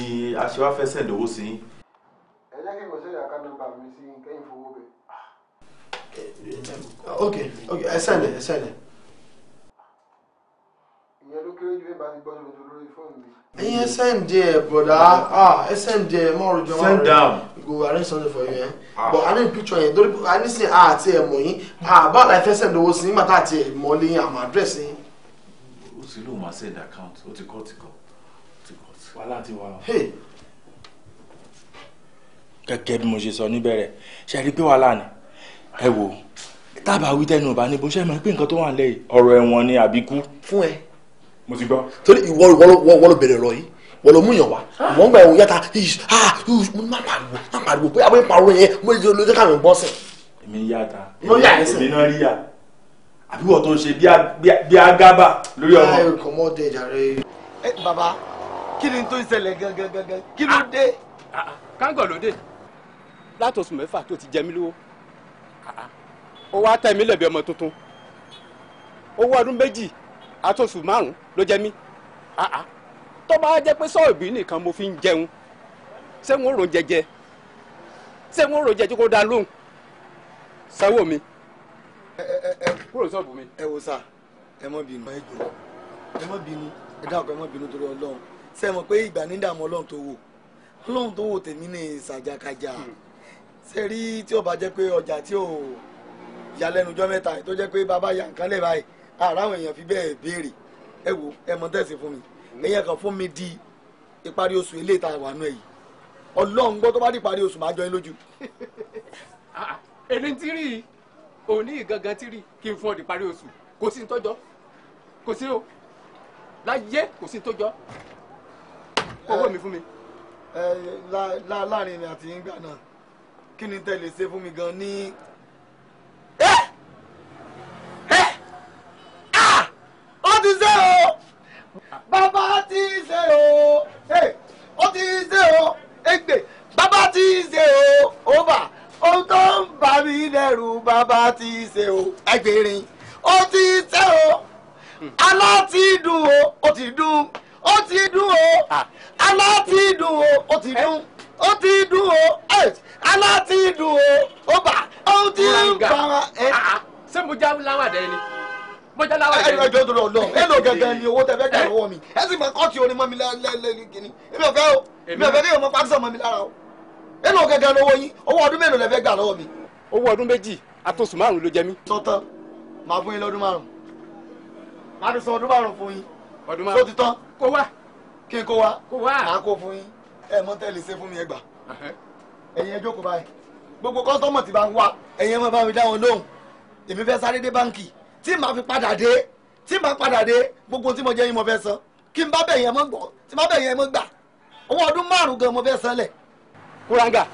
aṣèwá fẹ́ sẹ̀dẹ̀ owó sí. ẹ jẹ́ kí n kò ṣe ìyàká nọ́mbà mi sí kẹ́yìn fowó bẹ̀. ok ok ẹ sẹ́lẹ̀ ẹ sẹ́lẹ̀. ìyẹn ló kéré ju bá ti gbọ́ tó tó lórí fóònù mi. ẹyin ẹ send there broda ah ẹ send there mọ ọrùn jọ mọ go arrange something for you eh ah. but i need picture yẹn torí i need say ah àti ẹ̀ mọ̀ yín ah báwo la ẹ fẹ́ sẹ̀dẹ̀ owó sí nígbà tá àti ẹ̀ mọ̀ lẹ́yìn àmọ́ àdírẹ́sì yín sí lóun máa send account ó ti kọ́ ti kọ́ ti kọ́ ti. wàhálà ti wà o. gẹ́gẹ́ bí mo ṣe sọ níbẹ̀rẹ̀ ṣe rí pé wàhálà ni ẹ wò tábà wí tẹnu ọba níbo ṣe máa pé nǹkan tó wà lẹ́yìn ọ̀rọ̀ ẹ̀wọ̀n ni àbíkú. fún ẹ. mo ti gbọ́. torí ìwọ ìwọ ló bẹ̀rẹ̀ ọ̀rọ̀ yìí wọ́n ló mú yàn wá ah! wọ́n gba ẹ̀wọ̀n yàtà má pariwo má pariwo pé àwọn ìpàrọ̀ yẹn mo lè jẹ́ káwọn gbọ́ èmi yàtà èmi náà rí yàtà àbí wọ́n tó ń ṣe bí agábà lórí ọmọ. ẹ kò mọ dé jàre. ẹ bàbá kí ni tó ń ṣẹlẹ̀ gangan kí ló dé. kángọ̀ ló dé látòsùn mẹ́fà tó ti jẹ mí lówó ó wá tẹ̀ mí lẹ́bi ọmọ tuntun owó ọdún méjì àtòsù márùn ló jẹ mí tó bá jẹ́ pé sọ́ọ̀bì nìkan mo fi ń jẹun ṣé wọ́n rò jẹjẹ ṣé wọ́n rò jẹjẹ kó dá lóhùn sanwó mi kúrò sọ́ọ̀bù mi. ẹ wo sá ẹ mọ bínú ẹ jọ ẹ mọ bínú ẹ dákun ẹ mọ bínú torí Ọlọ́run ṣe mọ pé ìgbà ní dààmú Ọlọ́run tó wò Ọlọ́run tó wò tèmi ní ìsàjàkájà ṣe rí tí ó bá jẹ́ pé ọjà tí ò yalẹ́nujọ́ mẹ́ta tó jẹ́ pé bàbá ya nǹkan lẹ̀ báyìí ara àwọn èèyàn fi bẹ́ẹ̀ béèrè ẹ wo ẹ mọ tẹ̀sí fún mi èèyàn kan fún mi di ìparí oṣù ilé ìta wà nù ẹ̀ yìí Ọlọ́run gbọ́ tó bá di ìparí oṣù máa jọ yín lójú. Ah, ah, èmi ti rí i òní gangan tí rí kí n fún ọ di oṣù kò sí tọjọ kò sí o láyé kò sí tọjọ owó mi fún mi. láàrin mi àti yíngbà náà kí ni tẹ́ ṣe fún mi gan ní. ó ti ṣe o bàbá ti ṣe o ó ti ṣe o ègbè bàbá ti ṣe o ó bà ohun tó ń bà mí lẹ́rù bàbá ti ṣe o ẹgbẹ̀rin ó ti ṣe o alátìdùn o ó ti dùn ó ti dùn o alátìdùn o ó ti dùn ó ti dùn o alátìdùn o ó bà ohun tí ń bà wọn. ṣé mo já láwàdẹ ni mọjá láwọn ẹni ọjọ́ tó lọ lọ ẹ lọ gẹ́gẹ́ ni owó tẹ́ fẹ́ gbà lọ́wọ́ mi ẹ sì máa kọ́ ti orin mọ́ mi lẹ́lẹ́lẹ́ o èmi ò o nínú gẹ́gẹ́ lọ́wọ́ yín owó ọdún mélòó lẹ fẹ́ gbà lọ́wọ́ mi. owó ọdún méjì àtòsùn márùn ló jẹ mí. sọtán màá fún yín lọ́dún márùn màá tún sọ ọdún márùn fún yín ọdún márùn tó ti tán kó wá kí n kó wá kó wá màá kó fún yín ẹ mọ tẹ́lẹ̀ ṣe fún mi ẹ gbà ẹ̀yin ẹ báyìí gbogbo kọ́sítọ́mọ̀ ti bá ń wá ẹ̀yin ẹ má bá mi dá wọn lóhùn èmi fẹ́ sáré dé báǹkì tí màá fi padà dé tí màá padà dé gbogbo tí mo jẹ́ yín mo fẹ́ san kí n bá bẹ̀ yẹn gbọ́ tí n bá bẹ̀ yẹn gbà owó ọdún márùn gan mo fẹ́ san lẹ̀ kuranga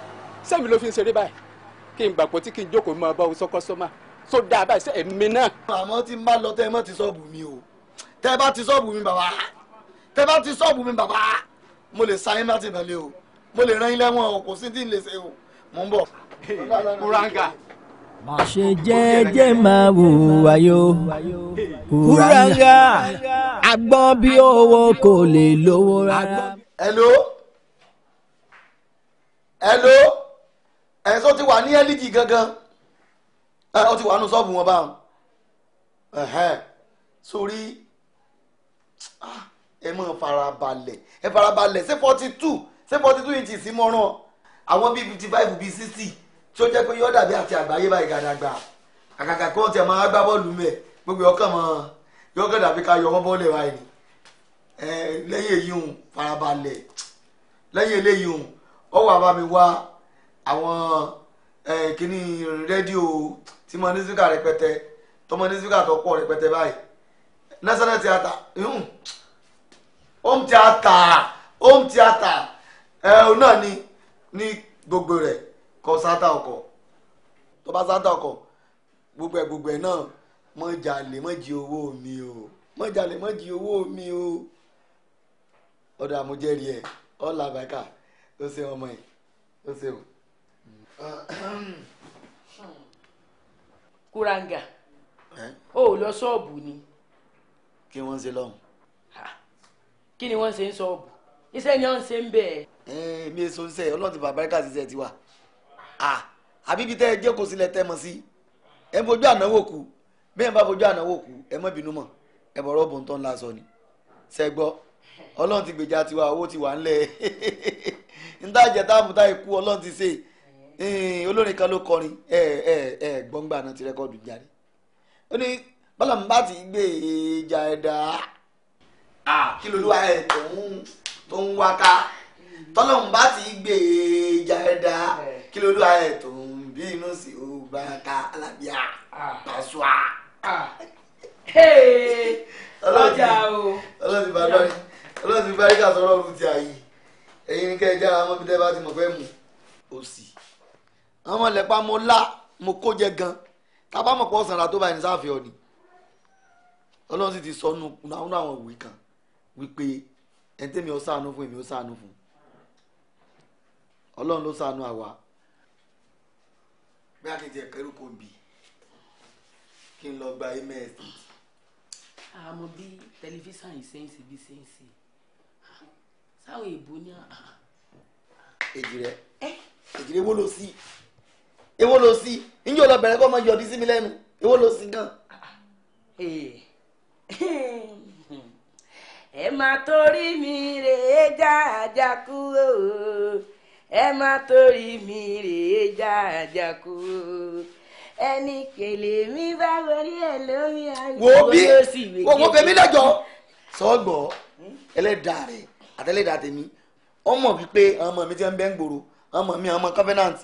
sẹ́mi ló fi ń ṣeré báyìí kí n gbàgbọ́ tí kí n jókòó máa bá o sọ kọ́sọ́mà so dáa báyìí sẹ́ ẹ̀mí náà. àmọ́ tí n bá lọ tẹ́ ẹ mọ́ ti sọ́ọ̀bù mi o tẹ́ ẹ bá ti sọ́ọ̀bù mi bàbá tẹ́ ẹ bá ti sọ́ọ̀bù mi bàbá mo lè sa yín láti nàlẹ́ o mo lè rán yín lẹ́wọ̀n o kò sí tí n lè ṣe o mò ń bọ̀. kuranga. má ṣe jẹ́jẹ́ máa wùwà yo kuranga agbọ́n bí owó kò lè lówó rárá. hello hello ẹ̀yin tó ti wà ní ẹ́líjì e gangan ẹ̀ ó ti wà nù sọ́ọ̀bù wọn báwọn sórí ah, ẹ mọ̀ farabalẹ̀ ẹ farabalẹ̀ ṣé forty two ṣé forty two inches mọ́rán àwọn bíi fifty five bíi sixty tí ó jẹ́ pé yọ̀ọ́ dàbí àti àgbáyé báyìí gàdàgbà àkàkà kí wọ́n ti máa gbá bọ́ọ̀lù mẹ́ gbogbo ọkàn mọ́ yọ̀ọ́ dàbí ká yọ wọ́n bọ́ọ̀lù ẹ̀ báyìí lẹ́yìn èyí ń farabalẹ̀ lẹ́yìn eléyìí ń ọ wà bá mi wá àwọn kìíní rédíò tí mo ní síkà rẹpẹtẹ tó mo ní síkà tó pọ̀ rẹpẹtẹ báyìí national theatre home theatre home theatre ẹ náà ni ní gbogbo rẹ kọ sátà ọkọ tó bá sátà ọkọ gbogbo ẹ gbogbo ẹ náà mọ jalè mọ jí owó mi o mọ jalè mọ jí owó mi o ọdọ àmújẹrì ọlà bàkà o ṣeun ọmọ yìí o ṣeun. kuranga o ò lọ ṣọ́ọ̀bù ni. kí wọ́n ń ṣe lọ́hùn. kí ni wọ́n ṣe ń ṣọ́ọ̀bù iṣẹ́ ni wọ́n ṣe ń bẹ̀. mi èso ń sẹ ọlọ́run ti bàbá ríkà ṣiṣẹ́ tiwa àbí ibi tẹ́ ẹ jẹ́ kó sílẹ̀ tẹ́ mọ sí ẹ fojú ànáwó kù bẹ́ẹ̀ bá fojú ànáwó kù ẹ mọ́ bínú mọ́ ẹ bọ̀ rọ́ọ̀bù ń tán lásán ni ṣẹ́gbọ́ ọlọ́run ti gbèjà [laughs] níta jẹta àmúta ikú ọlọ́run ti ṣe olórin kan ló kọrin ẹ ẹ ẹ gbọ́ngbà náà ti rẹ́kọ̀dù jáde ó ní bọ́lá mi bá ti gbé ìjà ẹ̀dá kí lolúwa ẹ̀ tó ń wá ká tọ́lọ́run bá ti gbé ìjà ẹ̀dá kí bí inú sí o bá ká alábíà pàṣọ. ọlọ́run ti bá dọ́rin bá ẹ̀yin ní kẹ́ jára wọn bí tẹ́ bá ti mọ̀ fẹ́ mu òsì àwọn ọlẹ́pà mo lá mo kó jẹ gan tábà mọ̀ pọ̀ sanra tó bá ẹni sáfẹ́ ọ ọlọ́run sì ti sọ nínú àwọn ìwé kan wípé ẹni tẹ́mi ó ṣàánú fún èmi ó ṣàánú fún ọlọ́run ló ṣàánú àwa bí akéde ẹ̀kẹ́rù kò bì kí n lọ gba ms. àmọ́ bí tẹlifíṣàn yìí ṣe bí ṣe ń ṣe sáwọn èèbó ní àhà. Ah, ah, ah. èjì rẹ eh? èjì rẹ èwo ló sí èwo ló sí lọ bẹ̀rẹ̀ kọ́ ọmọ yọ̀dí sí mi lẹ́nu èwo ló sí gan. Eh, eh. [laughs] ẹ máa torí mi rèé jáàjà kúrò ẹ máa torí mi rèé jáàjà kúrò ẹni kèlè mi bá wọlé ẹ lórí àgbẹ̀. wo bí wo kèmí lọ́jọ́ sọ́gbọ́ ẹlẹ́dàá rẹ̀ àtẹlẹdà tèmi ọmọ wípé ọmọ mi ti ń bẹ ń gbòòrò ọmọ mi ọmọ covenant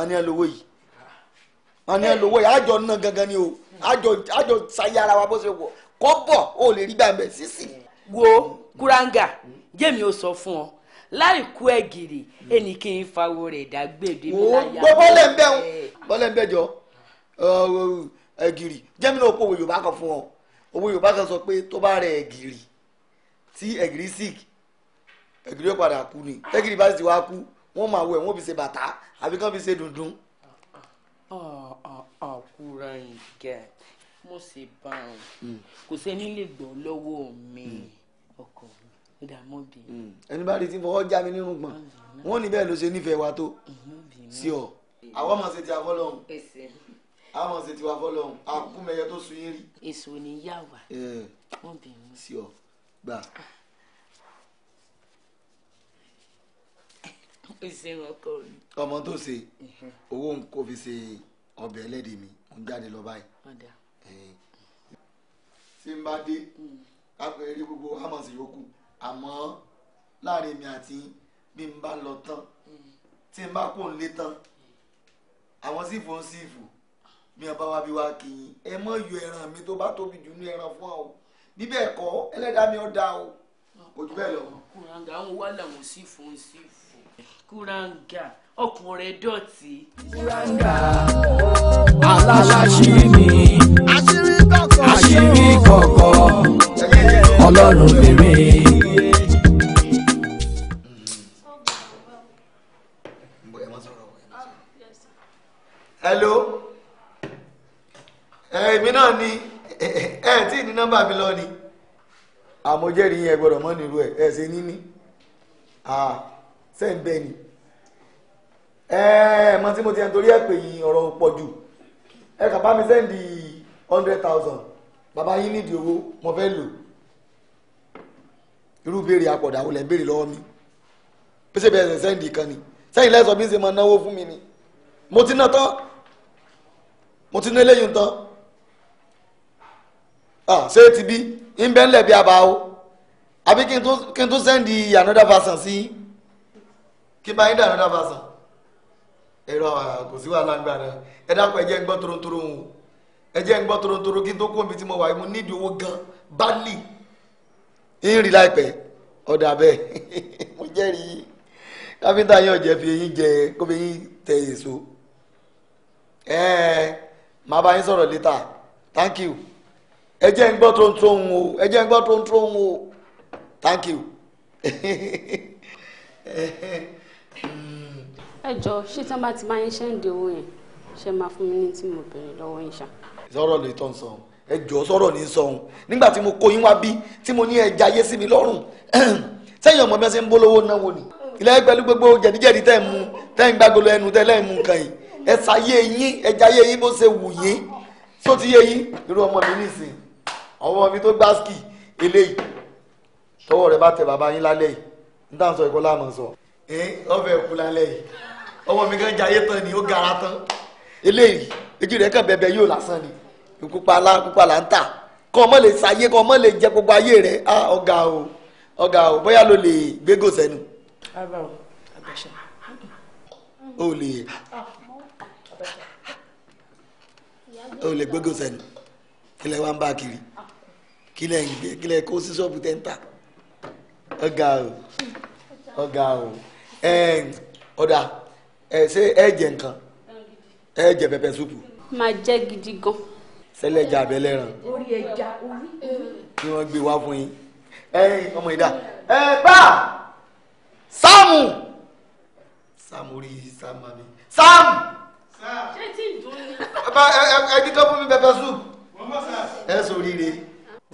àní ẹ lówó yìí àní ẹ lówó yìí àjọ náà gangan ni o àjọ àjọ sayé ara wa bó ṣe wọ kọ́ bọ̀ ó lè rí gbàgbẹ́ sísì. wo kuranga jẹ́mi ò sọ fún ọ láì kú ẹ gìrì ẹnì kí n fawọ rẹ̀ dágbére mi láyà. wo bọ́lẹ̀ ń bẹ́ bọ́lẹ̀ ń bẹ́ jọ ẹgìrì jẹ́mi náà kó òwe yorùbá kan fún ọ òwe yorùbá kan sọ pé tó bá rẹ ẹgìrì tí ẹgìrì sick ẹ̀gìrì ó padà kú ni ẹ̀gìrì bá sì ti wá kú wọ́n máa wẹ̀ wọ́n fi ṣe bàtà àbí kán fi ṣe dundun. àkúrà ìkẹ́ mo sì bá wọn hmm. kò sẹ́ni lè gbọ́ lọ́wọ́ mi hmm. ọkọ mi ìdààmúbi. Hmm. ẹni bá rí tí fọwọ́ já mi nínú gbọ̀n wọ́n ní bẹ́ẹ̀ ló ṣe nífẹ̀ẹ́ wa tó sí ọ. àwọn ọmọ ṣe ti àfọlọ́hún àwọn ọmọ ṣe ti wà fọlọ́hún àkúmẹyẹ tó sun yín rí. èso ni yà wá. ẹ ẹ sí ọ gbà. ọmọ tó ṣe owó ń kó fi ṣe ọbẹ̀ ẹlẹ́dẹ̀ mi ń jáde lọ báyìí tí n bá dé hmm. kápẹ́rẹ́ gbogbo amọ̀sí yòókù àmọ́ láàrin mi àti bí n bá lọ tán hmm. tí n bá kò ń lé tán àwọn sífù ń sífù mi ọba wa bí wa kì í ẹ mọ yọ ẹran mi tó bá tóbi jù ní ẹran fún ọ níbẹ̀ ẹ̀kọ́ ẹlẹ́dàá mi ọ̀ dá o kò jù bẹ́ẹ̀ lọ. kùràǹgà ń wá làwọn sífù ń sífù kúráǹgà ọkùnrin dọ̀tí. kúráǹgà aláṣírí mi àṣírí kọ̀kọ̀ ọlọ́run bèrè. hello èmi náà ni ẹ ẹ tí ní nọ́mbà mi lọ ni àmọ́ jẹ́rìí yẹn gbọ́dọ̀ mọ́ nílùú ẹ̀ ẹ̀ ṣe níní ṣe ń bẹ ni ẹ̀ẹ́ mọ tí mo ti ẹ̀ ń torí ẹ̀ pè yín ọ̀rọ̀ pọ̀ jù ẹ kà bá mi sẹ́ndì hundred thousand bàbá yín nídìí owó mo fẹ́ lò irú béèrè apọ̀dà wo lẹ̀ ń béèrè lọ́wọ́ mi pèsè bẹ́ẹ̀ sẹ́ sẹ́ndì kan ni sẹ́yìn lẹ́sọ̀ bí ń ṣe máa náwó fún mi ni mo ti ná tán mo ti ná eléyìí tán ah ṣé ti bí ń bẹ́ńlẹ̀ bí abàá o àbí kí n tún sẹ́ndì another version sí i. kí bá yín dànù dábàá sàn ẹ̀rọ kò sí wàhálà ńgbà rẹ ẹ dákun ẹ jẹ́ ń gbọ́ torontoro ń ẹ jẹ́ ń gbọ́ kí n tó kó omi tí mo wà yìí mo nídìí owó gan bali ń rí láìpẹ́ ọ̀dà bẹ́ẹ̀ [laughs] mo jẹ́rìí káfíńtà yín ọ̀jẹ̀ fi eyín jẹ kó fi eyín tẹ èso ẹ̀ẹ́ màá bá yín sọ̀rọ̀ létà thank you ẹ jẹ́ ń gbọ́ torontoro ń ẹ jẹ́ ń gbọ́ ń thank [laughs] ẹ jọ ṣé tí wọn bá ti máa ń ṣe ń de owó yẹn ṣe máa fún mi ní tí mo béèrè lọ́wọ́ yín ṣá. sọ̀rọ̀ lè tán sọ̀hún ẹ jọ sọ̀rọ̀ ní sọ̀hún nígbà tí mo kó yín wá bí tí mo ní ẹja ayé sí mi lọ́rùn [clears throat] sẹ́yìn ọmọ mẹ́sẹ̀ ń bó lówó náwó ni ilẹ̀ ẹgbẹ́lú gbogbo jẹ̀díjẹ̀dí tẹ̀ ń mu tẹ̀ ń gbàgbọ́lọ ẹnu tẹ̀ lẹ́ẹ̀mú nǹkan yìí ẹ ṣayé yín ẹja ayé yín bó ṣe wù yín tó ti yé yín irú ọmọ mi nìsín ọmọ mi tó gbá skì eléyìí tọwọ́ rẹ bá tẹ bàbá yín lálẹ́ yìí ní táwọn sọ ìkọlá àmọ́ sọ. ọbẹ̀ kú lálẹ́ yìí ọmọ mi ka jayé tán ni ó gara tán eléyìí ojú rẹ̀ kàn bẹ̀bẹ̀ yóò lásán ni kúpa lá kúpa là ń tà le ọmọ lè ṣayé kọ́ ọmọ lè jẹ gbogbo ayé rẹ̀ á ah, ọ̀gá o ọ̀gá o bóyá o ọ̀dà ẹ ṣe ẹ jẹ nǹkan ẹ jẹ pẹpẹ súpù. máa jẹ gidi gan. sẹlẹjà abẹlẹran. orí ẹja orí. kí wọ́n gbé wá fún yín ọmọ ìdá ẹ bá sáàmù sáàmù orí sáàmù àmì sáàmù. ṣé tí ì dùn ni. ẹ dídọ́ fún mi pẹpẹ súpù. ẹ sọ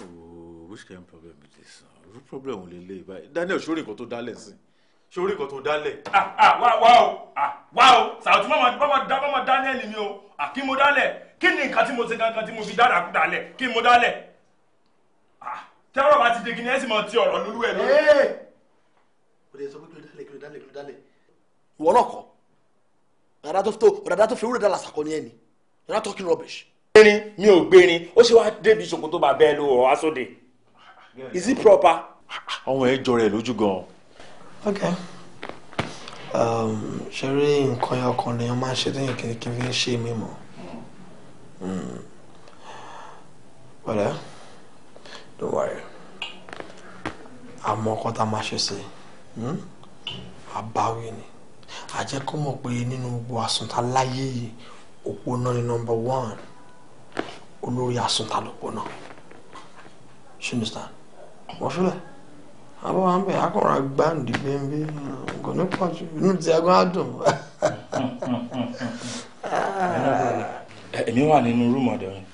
Oh, which kind of problem be this? What problem ò lè lè báyìí Daniel sórí nǹkan tó dálẹ̀ sí ṣe orí nǹkan tó dálẹ̀. wá wá o wá o sàwùtí bọ́mọ daniel ni o kí mo dálẹ̀ kí ni nǹkan tí mo ṣe gangan tí mo fi dára kú dálẹ̀ kí mo dálẹ̀ tẹ́rọ̀ bá ti di kí ẹ sì mọ ti ọ̀rọ̀ lulú ẹ lórí. o de sọ pé kí ló dálẹ̀ kí ló dálẹ̀ kí ló dálẹ̀. ìwọ náà kọ ọ̀dàdà tó fi ewúrẹ́ dálà sàkọ́ ni ẹni you're not talking rubbish. gbẹrin mi ò gbẹrin ó ṣe wá débi ìṣòkò tó bá bẹ́ẹ̀ lò is it proper. àwọn ah, ah, ẹ̀ jọra ẹ̀ lójú gan ok um, ṣe rí nǹkan ya ọkàn lèèyàn máa ń ṣe lẹ́yìn kí kí n fi ń ṣe mí mọ́ hmm. wọ́dà don't worry àmọ́ ọkọ tá a máa ṣe sí àbáwí hmm? ni àjẹ́ kó mọ̀ pé nínú gbogbo àsùntà láyé yìí òpónà ni number one olórí àsùntà lòpónà ṣùnìsàn wọ́n fílẹ̀ àbọ̀ wa ń bẹ̀ akọ̀rọ̀ agbáǹdì gbẹ̀ǹgbẹ̀ kò ní pọ̀ jù inú ti agbọ́n á [laughs] èmi wà nínú rúùmù ọ̀dọ̀ yẹn.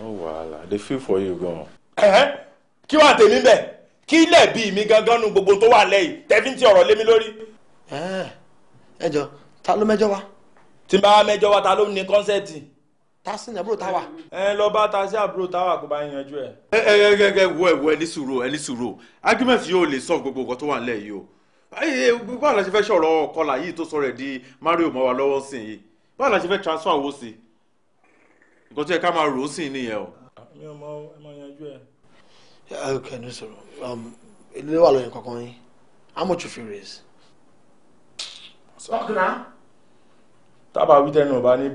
ó wàhálà they feel for you gan. kí wàá tèmi bẹ̀ kí ilẹ̀ bíi mi gangan nu gbogbo tó wà lẹ́yìn tẹ́fíntì ọ̀rọ̀ lé mi lórí. ẹ jọ ta ló mẹ́jọ wa. tí n bá mẹ́jọ wa ta ló ní kọ́nsẹ́ẹ̀tì. tasi ní lọ bá tasi wo ẹ ẹ yóò lè sọ gbogbo nǹkan tó wà nílẹ̀ yìí o báwo la di mario mọ́ wa lọwọ sí i báwo transfer owó sí i tó yẹ ká máa rò o. mi um, ilé lóyún kankan yín how much you fit raise. tábà wí tẹnu ọba ní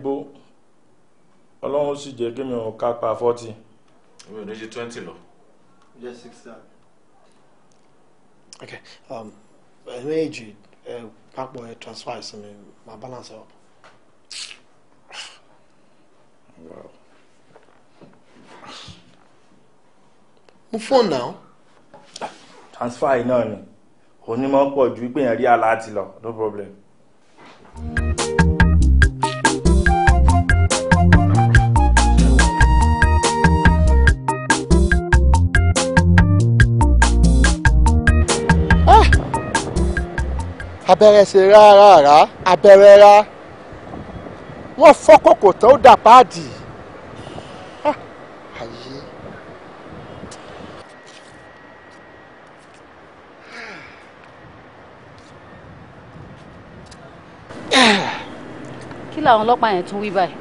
ọlọ́run sì jẹ́ kí mi ò kápá forty. mi ò ní ṣe twenty lọ. jẹ́ six sir. ok um, ẹ̀mí èjì papọ̀ ẹ̀ transfer sí mi ma balance up. Wow. mo fóònù náà. transfer yìí náà ni onímọ̀ pọ̀ ju pé yẹn rí aláàtì lọ no problem. Mm -hmm. abẹ́rẹ́ ṣe rárára abẹ́rẹ́ rá wọ́n fọ́ kòkò tán ó dà páàdì. kí làwọn ọlọ́pàá yẹn tún wí báyìí.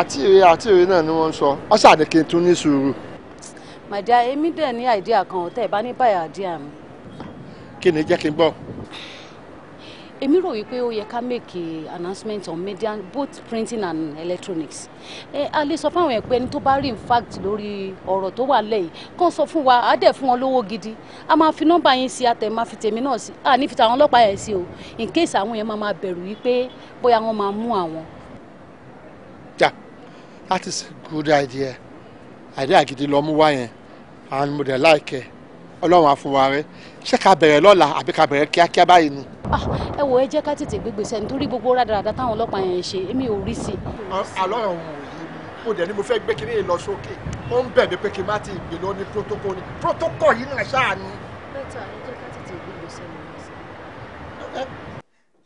àti ìrè àti ìrè náà ni wọ́n ń sọ ọ́ ṣàdékè tún ní sùúrù. màdà èmi dẹ̀ ní àìdíà kan ọ̀tẹ̀ ìbá ní báyà àdíà mi kí ni jẹ́ kí n gbọ́. èmi rò wípé ó yẹ ká make announcement on media both printing and electronics a lè sọ fáwọn ẹ pé ẹni tó bá rí in fact lórí ọ̀rọ̀ tó wà lẹ́yìn kàn sọ fún wa á dẹ̀ fún wọn lówó gidi a máa fi nọ́mbà yín sí àtẹ̀ máa fi tèmi náà sí à ní fi tàwọn ọlọ́pàá yẹn sí o in case àwọn yẹn máa bẹ̀rù wípé bóyá wọ́n máa mú àwọn. ja that is a good idea idea gidi lọ mú wá yẹn and mo like láìkẹ́ ọlọ́run á fún wa rẹ̀ ṣé ká bẹ̀rẹ̀ lọ́la àbí ká bẹ̀rẹ̀ kíákíá báyìí nu. Ah, ẹ wo ẹ jẹ́ ká tètè gbégbé sẹ́ni torí gbogbo rádaràda táwọn ọlọ́pàá yẹn ṣe èmi ò rí sí. Ah, àlọ́ ọ̀hún yìí mo dẹ̀ ni mo fẹ́ gbé kí ní lọ sókè ó ń bẹ̀ mí pé kí n má ti gbé lọ ní protocol ni protocol yìí náà ṣáà ni. bẹ́ẹ̀ta ẹ jẹ́ ká tètè gbégbé sẹ́ni.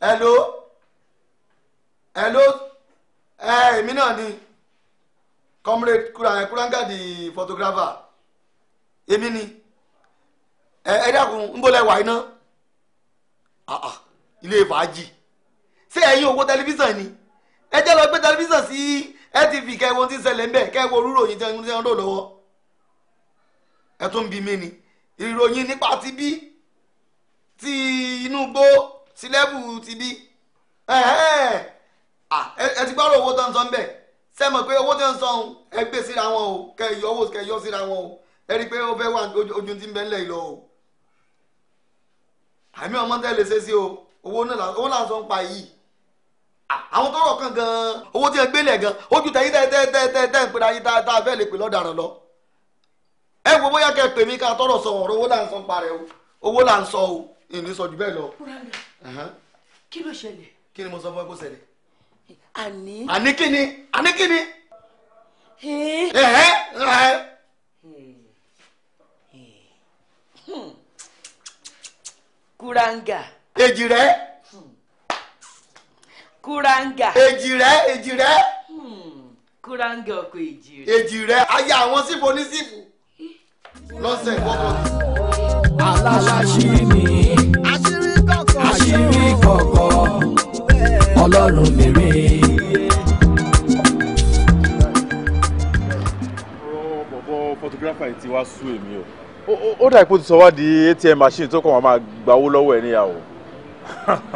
hello hello ẹ èmi náà ni comrade kurangadi photographer èmi ni ẹ ẹ dákun ń bọ́ lẹ́wà ah, ah, ilé fàájì ṣé ẹ̀yin owó tẹlifíṣàn ni ẹ jẹ́ lọ gbé tẹlifíṣàn sí NTV kẹwọ́n tí ń ṣẹlẹ̀ ń bẹ̀ kẹwọ́n orúròyìn tí ń lò lọ́wọ́ ẹ tún ń bi ni ìròyìn nípa ti bí ti inú gbó ti lẹ́bù ti bí ẹ ti gbọ́dọ̀ owó tó ń san bẹ́ẹ̀ ṣe mọ̀ pé owó tó ń san ẹ gbé síra wọn o kẹ yọ kẹ yọ síra wọn o ẹ rí i pé ó fẹ́ wà ojú ti ń bẹ́ẹ̀ lẹ̀ lọ o àmì ọmọ tẹ́ lè ṣe sí o owó náà owó náà sọ ń pa yìí àwọn tọrọ kan gan owó tí ẹ gbélé gan ojú tẹ̀yìn tẹ tẹ tẹ tẹ tẹ ń pera yín tá a bẹ́ẹ̀ lè pè lọ́daràn lọ ẹ wo bóyá kẹ pè mí ká tọrọ sọ ọ̀rọ̀ owó là ń sọ ń parẹ́ o owó là ń sọ o ìní sọ jù bẹ́ẹ̀ lọ. kí ló ṣẹlẹ̀. kí ni mo sọ fún ẹ kó ṣẹlẹ̀. àní. àní kí àní kí ni. ẹ̀ẹ́ kuranga. èjì rẹ. kuranga. èjì rẹ èjì rẹ. kuranga ọkọ èjì rẹ. èjì rẹ aya àwọn sífò ní sífò lọ́sẹ̀ gbọ́dọ̀. aláṣírí mi àṣírí kọ̀kọ̀ ọlọ́run mi rí. photographer ti wá sú èmi o ó dà ipò ti sọ wá di atm machine tó kàn wá máa gbàwó lọ́wọ́ ẹ̀ níyàwó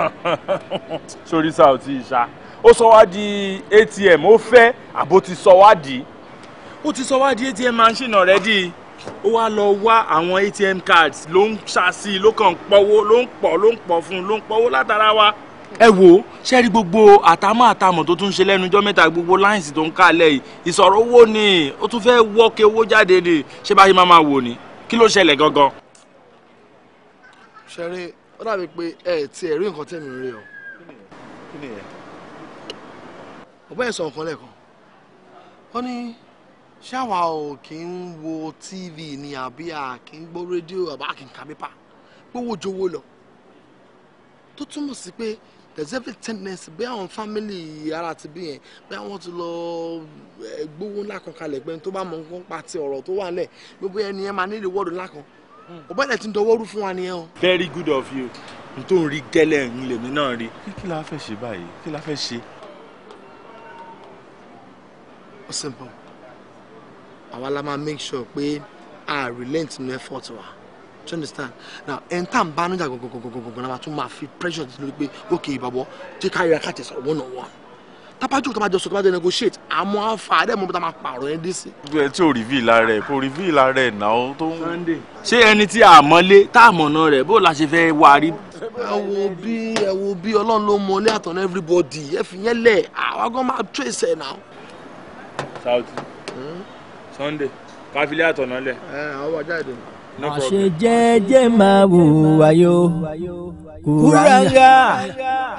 [laughs] sórí sáà tí ì sá ó sọ wá atm ó fẹ́ àbó ti sọ wá di ó ti sọ wá atm machine already ó wá lọ wá àwọn atm cards ló ń ṣàṣì ló kàn pọ̀wó ló ń pọ̀ ló ń pọ̀ fún ló ń pọ̀wó látara wa. ẹ wo sẹ́rí gbogbo àtàmọ́ àtàmọ́ tó tún ṣe lẹ́nu ọjọ́ mẹ́ta gbogbo láìsí tó ń kálẹ̀ yìí ìsọ̀rọ̀ owó ni ó tún fẹ́ wọ́ọ̀kì owó jáde ni ṣé báyìí máa máa wò ni kí ló ṣẹlẹ̀ gangan. ṣeré ó dàbí pé ẹ ti ẹ̀rí nǹkan tẹ̀mí rí o. ọ̀pọ̀ ẹ̀ sọ nǹkan lẹ́ẹ̀kan wọ́n ní ṣáwa ò kì í wo tv ni àbí a kì í gbọ́ rédíò àbá kì í ka pépà pé wo jowó lọ tó túmọ̀ sí pé there's every tenderness bí family ara ti bí yẹn bí àwọn ti lọ eh, gbowó ńlá kan kalẹ̀ pé tó bá mọ nǹkan pa ọ̀rọ̀ tó wà lẹ̀ gbogbo ẹni yẹn máa ní wọ́ọ̀dù ńlá kan ọba ẹ̀ ti ń dọwọ́ rú fún wa nìyẹn o. very good of you n tó ń rí tẹ́lẹ̀ ń lèmi náà rí. kí la fẹ́ ṣe báyìí kí la fẹ́ ṣe. ó simple àwa la máa make sure pé a relent nínú effort wa. To understand now ẹn tá n bá níjà gọgọgọgọgọ náà wàá tún máa fi pressure ti lórí pé Okay, babo, take ká yẹra káàtì sọ̀rọ̀ one on one tábàjọ́ tó bá jọ to tó negotiate àmọ́ àfa àdé mọ́ bí tá a máa pààrọ̀ ẹ̀ to reveal ara ẹ kò reveal ara ẹ now? tó Sunday ṣé ẹni tí a mọ́lé tá a mọ̀nà rẹ̀ bó la ṣe fẹ́ wá rí. ẹ wo bí ẹ wo bí ọlọ́run ló mọ ilé everybody If fi yẹn lẹ̀ àwa gan máa trace ẹ̀ náà. Saoty Sunday káfílẹ̀ àtọ̀nà lẹ̀. ẹ àwọn wájà ìdè náà àṣe jẹ́jẹ́ máa wùwà yó kúranga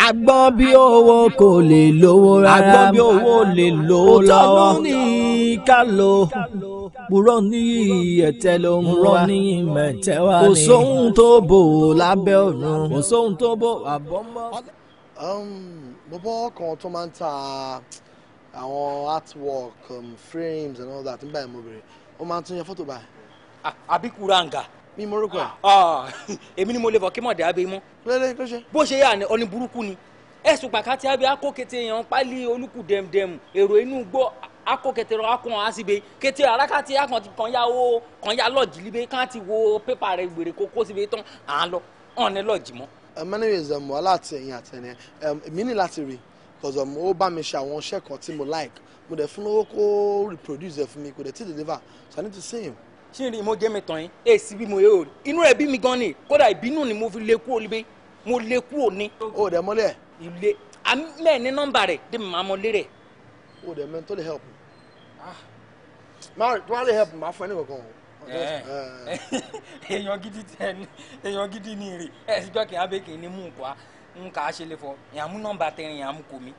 agbọ́n bí owó kò lè lówó rárá agbọ́n bí owó lè lówó lọ́wọ́ òtọ́ ní ká lò purọ́ ní ẹ̀tẹ́ ló ń wá kò sóhun tó bò lábẹ́ ọ̀run kò sóhun tó bò àbọ̀mọ́. bọ́bọ́ um, kan tó máa ń ta àwọn artwork um, frames and all that nígbà yẹn mo bèrè ó máa ń tún yẹ fọ́tò báyìí àbí kuranga. mi mo rúkọ ẹ. Ah, ah, èmi ni mo lè bọ̀ kí mọ̀dé abẹ́ mọ́. lóde tó ṣe. bó ṣe yà ni ọni burúkú ni ẹ̀sùn pàkàtì abẹ́ akókété yẹn pálí olúkú dẹ̀mdẹ̀m èrò inú gbọ́ akókété rọ akó hàn síbi kété arákàtì akàn kan ya ó kan ya lọ́ọ̀jì líbe kàn ti wo pépà rẹ gbèrè kókó síbi tán à ń lọ ọ̀n ní lọ́ọ̀jì mọ́. Uh, my name is Muala um, àti ẹ̀yìn àtẹ̀yìn because um, um, ó bá mi ṣe àwọn iṣẹ́ like mo dẹ̀ fún lówó kó reproduce ẹ̀ fún mi so I need to see him ṣé ìrìn mo jẹ́ mi tàn yín èsì bí mo yẹ o inú rẹ̀ bí mi gan ni kódà ìbínú ni mo fi lé kúrò níbẹ̀ mo lé kúrò ní. o dẹ̀ mọ́lẹ̀. ilé amẹ́ ní nọ́mbà rẹ̀ dé mọ lé rẹ̀. o dẹ̀ mẹ́ni lè help máa tó wá lè help máa fún ẹni kankan o èèyàn gidi tẹni èèyàn ni rè ẹ síjọ kìí abékè ni mú nǹkan ń kà á ṣe lè fọ ìyàn mú nọ́mbà tẹrin ìyàn mú kòmí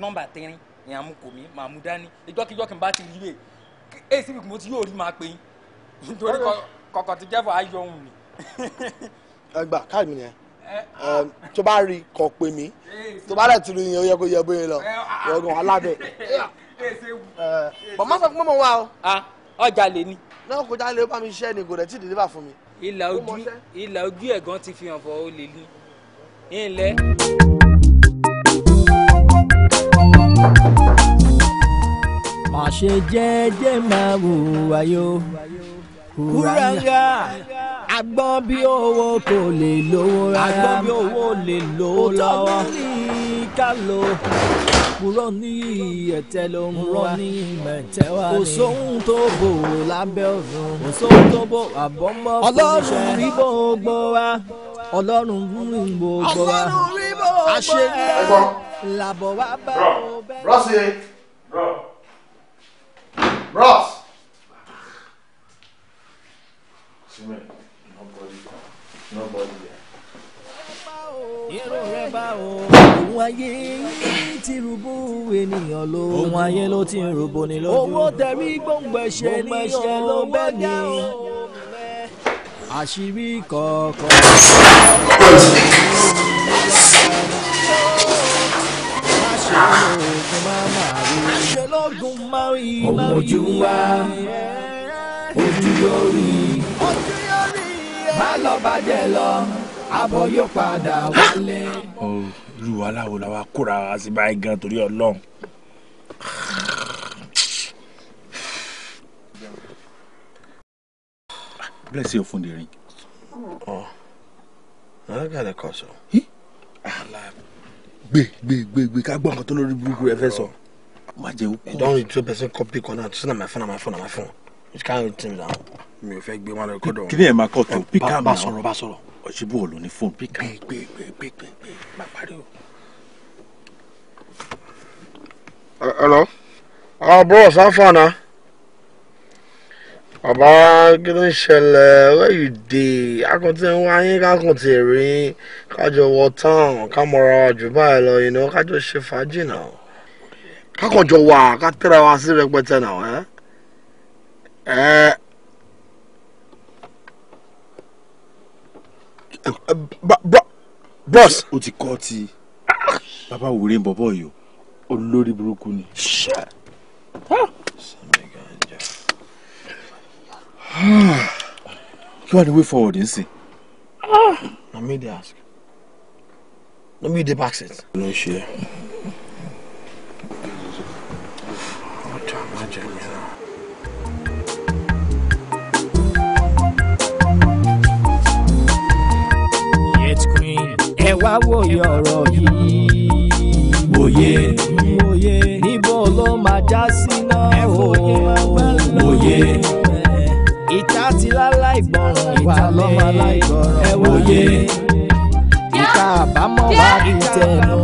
nọ́mbà tẹrin ìyàn mú kòmí màá dání ìjọkíjọ bá ti rí rè èyí síbi mo ti yóò rí máa pè yín nítorí kọ̀kọ̀ ti jẹ́fọ̀ ayọ̀ ohun mi. ẹ gbà káàdì mi nìyẹn tó bá rí kọ pé mi tó bá dẹ̀ ti rí yẹn ó yẹ kó yẹ bóyá lọ yọgàn alábẹ. bọ̀ sọ fún mọ́ wa o. ọjà lè ní. náà kò lè bá mi ṣẹ́ ni kò dẹ̀ tí ì dìlíbà fún mi. ìlà ojú ẹ̀gán ti fi hàn fọ́ ó lè ní. ilẹ̀. àṣe jẹ́jẹ́ máa hùwà yó kúranga agbọ́n bí owó kò lè lówó rárá agbọ́n bí owó lè lówó lọ́wọ́ ká lò kúrò ní ẹ̀tẹ́ ló ń wá kò sóhun tó bò lábẹ́ ọ̀run kò sóhun tó bò àbọ̀mọ́ fún iṣẹ́. ọlọ́run rí gbogbo wa ọlọ́run rí gbogbo wa àṣẹ lábọ̀ wá bá ọ bẹ́ẹ̀. rọ rọ Ross. Simon, nobody, nobody there. ayé ló. òun ayé ló ti lójú. owó tẹ̀rí gbòǹgbẹ̀ṣẹ̀ ni ló bẹ́ẹ̀ ni. àṣírí kọ̀ọ̀kan ọmọ ojú wa ojú lórí má lọ bàjẹ́ lọ abọ yóò padà wálé. irú aláwo la wa kóra wa sí báyìí gan torí ọlọ́run. bless you fún the ring. ọ̀ ọ̀ ọ̀ gàdá kan sọ. ala mi gbé gbé gbé gbé ká gbọ́ nǹkan tó lórí burúkú rẹ fẹ́ sọ. má jẹ́ òkú. ìdánwò tí o bẹ̀sẹ̀ kọ́pì kan náà tí sinamá fún àmà fún àmà fún it can't turn down. mi ò fẹ́ gbé wọn lọ kọ́dọ̀. kí ni ẹ̀ máa kọ́ tó píkà mi. bá sọ̀rọ̀ bá sọ̀rọ̀ ọ̀ṣibú ò lò ní fóònù píkà. gbé gbé gbé gbé gbé má pariwo. hello. àwọn bọ́ọ̀ sáfà náà bàbá kí ló ń ṣẹlẹ̀ where you dey akọ̀tí ń wá yín kákọ̀tì rí kájọ wọ tán ká mọ̀ra jù báyìí lọ yìí ni kájọ ṣe fàájì náà kákọ̀jọ wà ká tẹ́ra wa sí rẹpẹtẹ náà ẹ́ ẹ́ bọ́s o ti kọ́ ti bàbá wòrè ń bọ̀ bọ́ yìí o olórí burúkú ni kí wàá ní way forward ń sìn. na me dey ask na me dey back seat. ló ń ṣe é. ọjà má jẹ mí náà. yet queen ẹ wá wòye ọ̀rọ̀ yìí. wòye. wòye níbo ló máa já sí náà. ẹ wòye. wòye láláìgbọràn ìtàlẹ́ ẹ wòye ìka àbámọ̀ wà ní ah, tẹnu.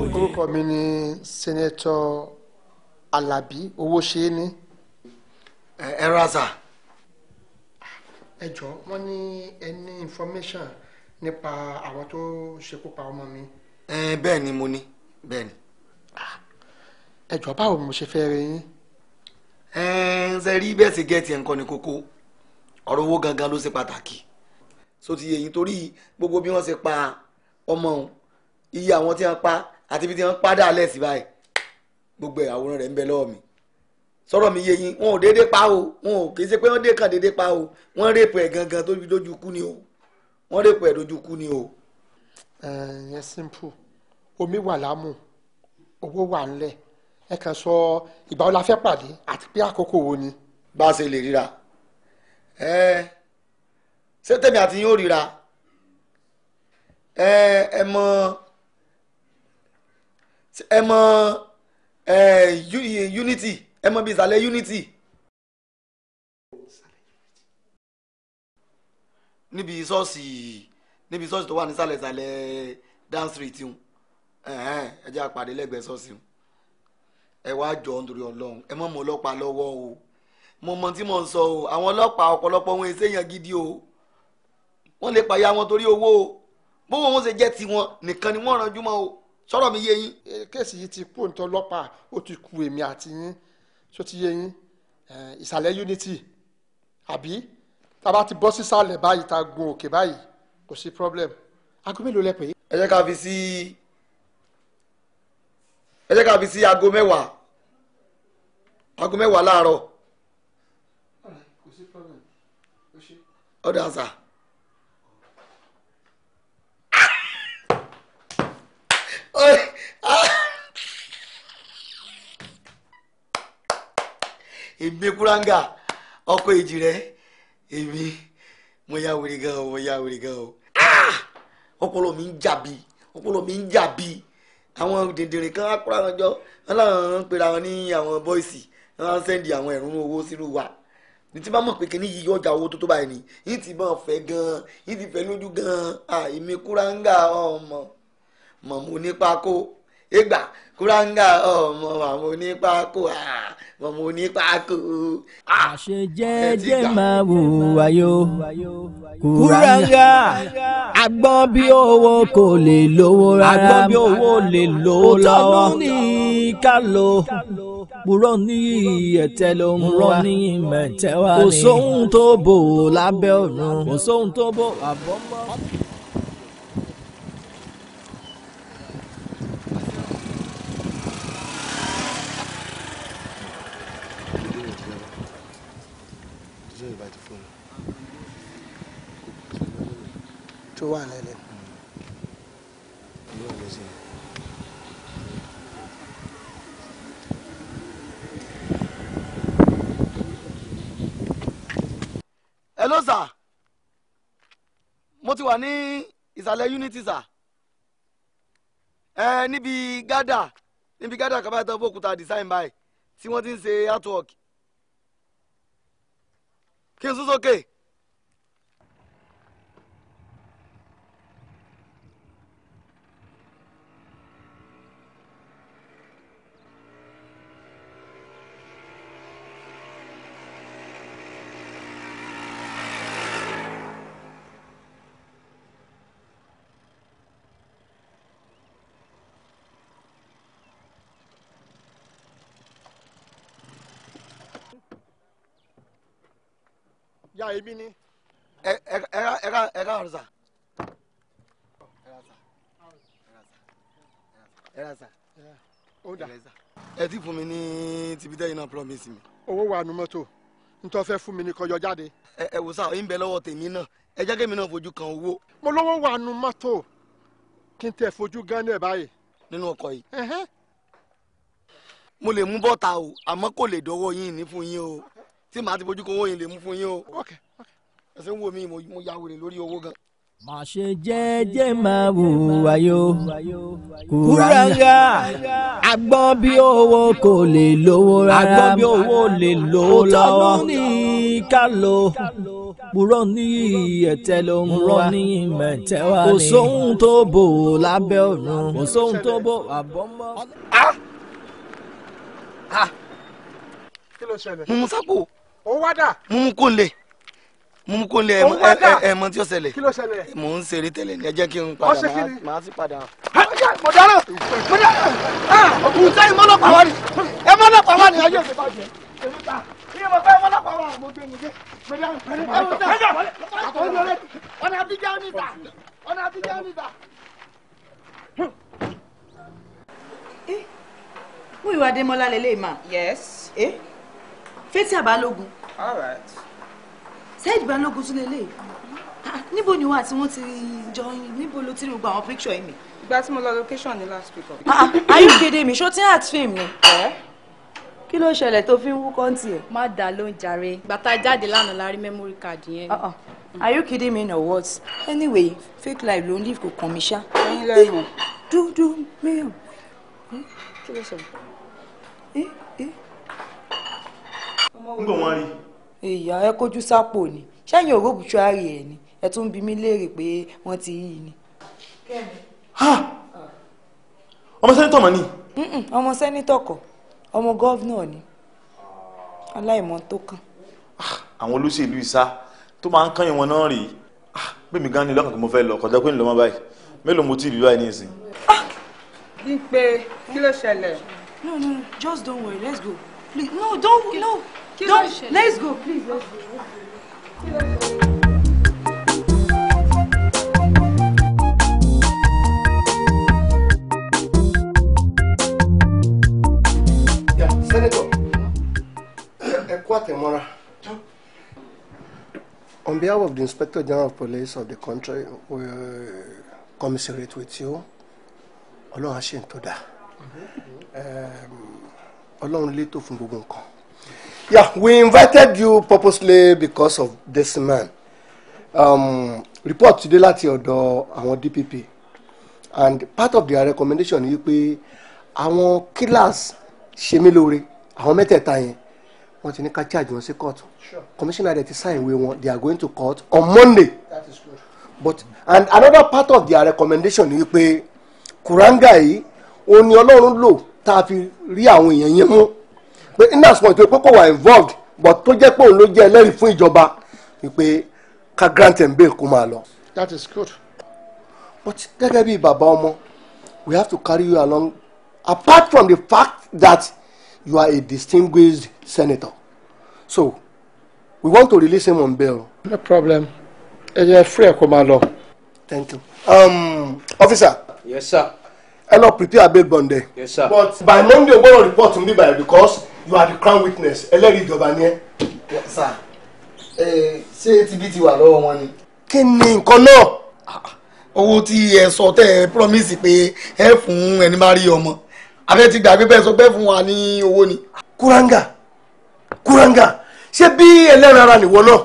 orúkọ mi ni sẹ́nẹ́tọ̀ alábí owó ṣe é ní. ẹ raza ẹ jọ wọn ní ẹ ní information nípa àwọn tó ṣekú pa ọmọ mi. bẹ́ẹ̀ ni mo ní bẹ́ẹ̀ ni. Ah, ẹ jọ báwo mo ṣe fẹ́ rẹ yín ẹn ṣe rí bẹ́ẹ̀ ṣe gẹ́ẹ̀tì ẹ̀ǹkan ní kókó ọ̀rọ̀ owó gangan ló ṣe pàtàkì so ti yẹ̀yìn torí gbogbo bí wọ́n ṣe pa ọmọ òun iye àwọn tí wọ́n pa àti ibi tí wọ́n pa dà lẹ̀ sí báyìí gbogbo àwòrán rẹ̀ ń bẹ lọ́wọ́ mi sọ̀rọ̀ mi yẹ̀yìn wọn ò déédéé pa o wọn ò kì í ṣe pé wọ́n dé kàn déédéé pa o wọ́n rèpò ẹ̀ gangan tó fi kú ni o wọ́n rèpò ẹ̀ dójú kú ni o. ẹ ẹ simple omi wà lámù owó wà ńlẹ̀ ẹ kàn sọ ìgbà wo la fẹ́ pàdé àti pé àkókò wo ni. bá a ṣe lè ríra ẹ ṣé tèmi àti yín ó ríra ẹ ẹ mọ ẹ mọ ẹ unity ẹ mọ bí ìsàlẹ̀ unity. níbi ṣọ́ọ̀ṣì níbi ṣọ́ọ̀ṣì tó wà nísàlẹ̀ ìsàlẹ̀ down street ẹ jẹ́ àpàdé lẹ́gbẹ̀ẹ́ ṣọ́ọ̀ṣì ẹ wá jọ nítorí ọlọ́run ẹ mọ̀ mọ́ ọlọ́pàá lọ́wọ́ o mo mọ tí mo ń sọ o àwọn ọlọ́pàá ọ̀pọ̀lọpọ̀ wọn èsè yẹn gidi o wọ́n lè pàyà wọn torí owó o bówó wọn ṣe jẹ́ tiwọn nìkan ni wọ́n ranjú mọ́ o sọ̀rọ̀ mi yé yín. kéèsì yìí ti kú nítorí ọlọ́pàá ó ti ku èmi àti yín tó ti yé yín ìsàlẹ̀ unity àbí tá a bá ti bọ́ sísàlẹ̀ báyìí tá a gun òkè báyìí kò sí problem aago mélòó lẹ ẹ jẹ́ ká fi sí ẹ jẹ́ ká fi sí aago mẹ́wàá aago mẹ́wàá láàárọ̀ ọ̀dọ̀ àṣà. Ah. èmi kúráńgà ọkọ èjì rẹ èmi mo ya wèrè gan o mo ya wèrè gan o ah! ọpọlọ mi ń jà ọpọlọ mi ń jà àwọn dìndìnrín kan á kóra wọn jọ wọn làwọn ń pera wọn ní àwọn bọ́ìsì wọn á sẹ́ndì àwọn ẹ̀rún owó sínú wa ní tí bá mọ̀ pé kíní yìí ọjà owó tó tó báyìí ni yìí ti bọ̀ fẹ́ gan-an yìí ti fẹ́ lójú gan-an èmi kúráńgà ọmọ mọ̀mú nípa kó égbà kúráńgà ọmọ mọ̀mú nípa kó wọn mo ní pákó. Ah! àṣe jẹ́jẹ́ máa hùwà yó kúranga agbọ́n bí owó kò lè lówó rárá agbọ́n bí owó lè lówó lọ́wọ́ òtọ́ ní ní ẹ̀tẹ́ ló ń rọ́ ní mẹ̀tẹ́ wá ní kò sóhun tó bò lábẹ́ ọ̀run kò sóhun tó bò àbọ̀mọ́. wà lẹ́lẹ̀. hello sir mo ti wà ní ìsàlẹ̀ unity sir ẹ níbi gádà níbi gádà kábàáyé tó bókúta design báyìí tí wọ́n ti ń ṣe artwork kí n sún sókè. Okay ya èmi ni ẹ ẹ ẹ ká ẹ ká ọ̀rọ̀ ti fún mi ní náà promise mi. owó wà nù mọ́tò ntọ́ fẹ́ fún mi ní kọjọ jáde. ẹ ẹ wò sá ọ yín bẹ lọ́wọ́ tèmi náà ẹ jẹ́ kémi náà fojú kan owó. mo lówó wa nù mọ́tò kí n tẹ fojú gan náà báyìí. nínú ọkọ yìí. mo lè mú bọ́ta o àmọ́ kò lè dọ́wọ́ yín ní fún yín o. tí màá ti bójú kó owó yẹn lè mú fún yín o. ẹsẹ̀ ń wo mi mo ya wèrè lórí owó gan. má ṣe jẹ́jẹ́ máa hùwà yó kúranga agbọ́n bí owó kò lè lówó rárá agbọ́n bí owó lè lówó lọ́wọ́ ní ká lò ní ẹ̀tẹ́ ló ń wá kò sóhun tó bò lábẹ́ ọ̀run kò sóhun tó bò àbọ̀mọ́. Ah! Ah! kí ló ṣẹlẹ̀. mo mú sápò ó wá dà. Mumu kó lè mú kó lè ẹ mọ tí ó ṣẹlẹ̀ mò ń ṣeré tẹ́lẹ̀ ní ẹ jẹ́ kí n padà máa sì padà. mo dáná mo dáná ah, òkú sẹ́yìn mọ́nà pàwọ́ ni ẹ mọ́nà pàwọ́ ni ayé òde bàjẹ́ èmi ta iye mo fẹ́ mọ́nà pàwọ́ mo gbé mi dé mo dáná mo tẹ ọ̀nà àbíjá níta ọ̀nà àbíjá yes. Eh? fẹ́tí àbálógun Saheed Balógun tún lélẹ̀ níbo ni wà tí wọ́n ti jọ níbo ló ti rí gbogbo àwọn picture mi. ìgbà tí mo lọ location ní last week. ayé kéde mi ṣó tí ń àtúnfìm ni eh? kí ló ṣẹlẹ̀ tó fi ń wú kọ́ńtì ẹ̀. má dà ló ń jàre. bàtà jáde lánàá la rí memory card yẹn. Ah, ah. are you kidding me or words? anyway fake life ló ń leave kò kàn mí ṣá. ẹyin lẹ́yìn. dúdú mẹ́yàn. kí ló ṣẹlẹ̀. Eh? nígbà wọn rí. ìyá ẹ kojú sápò ni sẹ́yìn òróòbù ṣáàrì ẹ̀ ni ẹ tún bí mi léèrè pé wọ́n ti yí ni. ọmọ sẹ́nitọ̀ mọ̀ ni. ọmọ sẹ́nitọ̀ kọ́ ọmọ gọ́vnọ̀ ni aláìmọ̀ tó kàn. Ah, àwọn olóṣèlú ìsá tó máa ń kányìn wọn náà rèé ah, bẹ́ẹ̀ mi gan ni lọ́kàn kí mo fẹ́ lọ kọjá pé ń lọ mọ́ báyìí mélòó mo ti rí láì ní ìsìn. bí ah! pé kí ló ṣẹlẹ̀. no no just don't worry let's go please no don't no don't let's go please let's go. Senator, ẹ kú àtẹ̀mọ́ra. On behalf of the Inspector General of Police of the country, we uh, commiserate with you. Ọlọ́run á ṣe ń tó dáa. Mhm. Ọlọ́run létò fún Yeah, we invited you purposely because of this man. Um, report today láti ọ̀dọ̀ àwọn DPP and part of their recommendation yìí pé àwọn killers ṣe mí lóore àwọn mẹ́tẹ̀ẹ̀ta yẹn wọ́n ti ní ká charge wọn sí court commissioner dey ti sign ìwé wọn they are going to court on Monday that is good. but and another part of their recommendation yìí pé kuranga yìí òun ni Ọlọ́run lò tá a fi rí àwọn èèyàn yẹn mú. Mm -hmm pé in as much pé kò wà involved but tó jẹ́ pé òun ló jẹ́ ẹlẹ́rìí fún ìjọba wípé ká grant and bail kó máa lọ. that is good. but gẹ́gẹ́ bí bàbá ọmọ we have to carry you along apart from the fact that you are a distinguished senator so we want to release him on bail. no problem ẹ jẹ́ free ẹ kó máa lọ. thank you. Um, officer. yes sir. ẹ lọ prepare a bail bond there. yes sir. but by monday o gbọ́dọ̀ report to me by because you are the crown witness ẹlẹ́rìí ìjọba ni ẹ. sà ṣé tibí ti wà lọ́wọ́ wọn ni. kí ni nǹkan náà owó tí ẹ sọ tẹ ẹ promise pé ẹ fún ẹni máa rí ọmọ abẹ ti gbàgbé bẹ́ẹ̀ sọ pé fún wa ní owó ni. kuranga kuranga ṣé bí ẹlẹ́ran ara nìwọ náà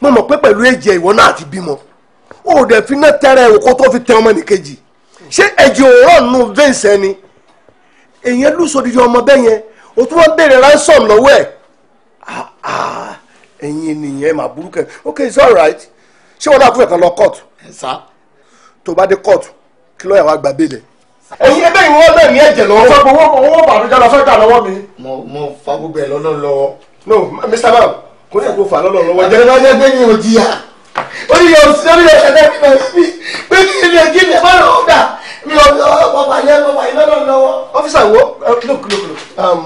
mo mọ̀ pé pẹ̀lú ẹ̀jẹ̀ ìwọ náà ti bímọ o dẹ̀ fi náà tẹ́rẹ̀ òkú tó fi tẹ ọmọ nìkejì ṣé ẹ̀jẹ̀ òórọ̀ nù vẹ́ǹsẹ̀ ni èèyàn lùsọ̀dìdì ọmọ bẹ́ẹ̀ yẹn o tún wọ́n béèrè ransom lọ́wọ́ ẹ̀ ah, ah, ẹ̀yin ènìyàn ẹ̀ mà burúkú ẹ̀ ok it's alright ṣé wọn náà tún fẹ̀ kan lọ kóòtù. ẹ sá tó bá dé kóòtù kí lọ́ọ̀yà wa gba béèlẹ̀. ẹ̀yin ẹgbẹ́ ìwọ náà ní ẹ̀jẹ̀ lọ́wọ́. sọ pé owó bàdújá lọ sọ́jà lọ́wọ́ mi. mo mo fa gbogbo ẹ̀ lọ́nà lọ́wọ́. no mr man kò ní ẹ̀kọ́ fà lọ́nà lọ́wọ́. àjẹrẹ náà jẹ́ pé yín ò jìyà. ó ní yẹ òsì lórí ẹ̀ṣẹ̀ náà mi ò ọba yẹn ọba yẹn lọ́dọ̀ lọ́wọ́. ọ́fíìsà wo uh, look look look. Um,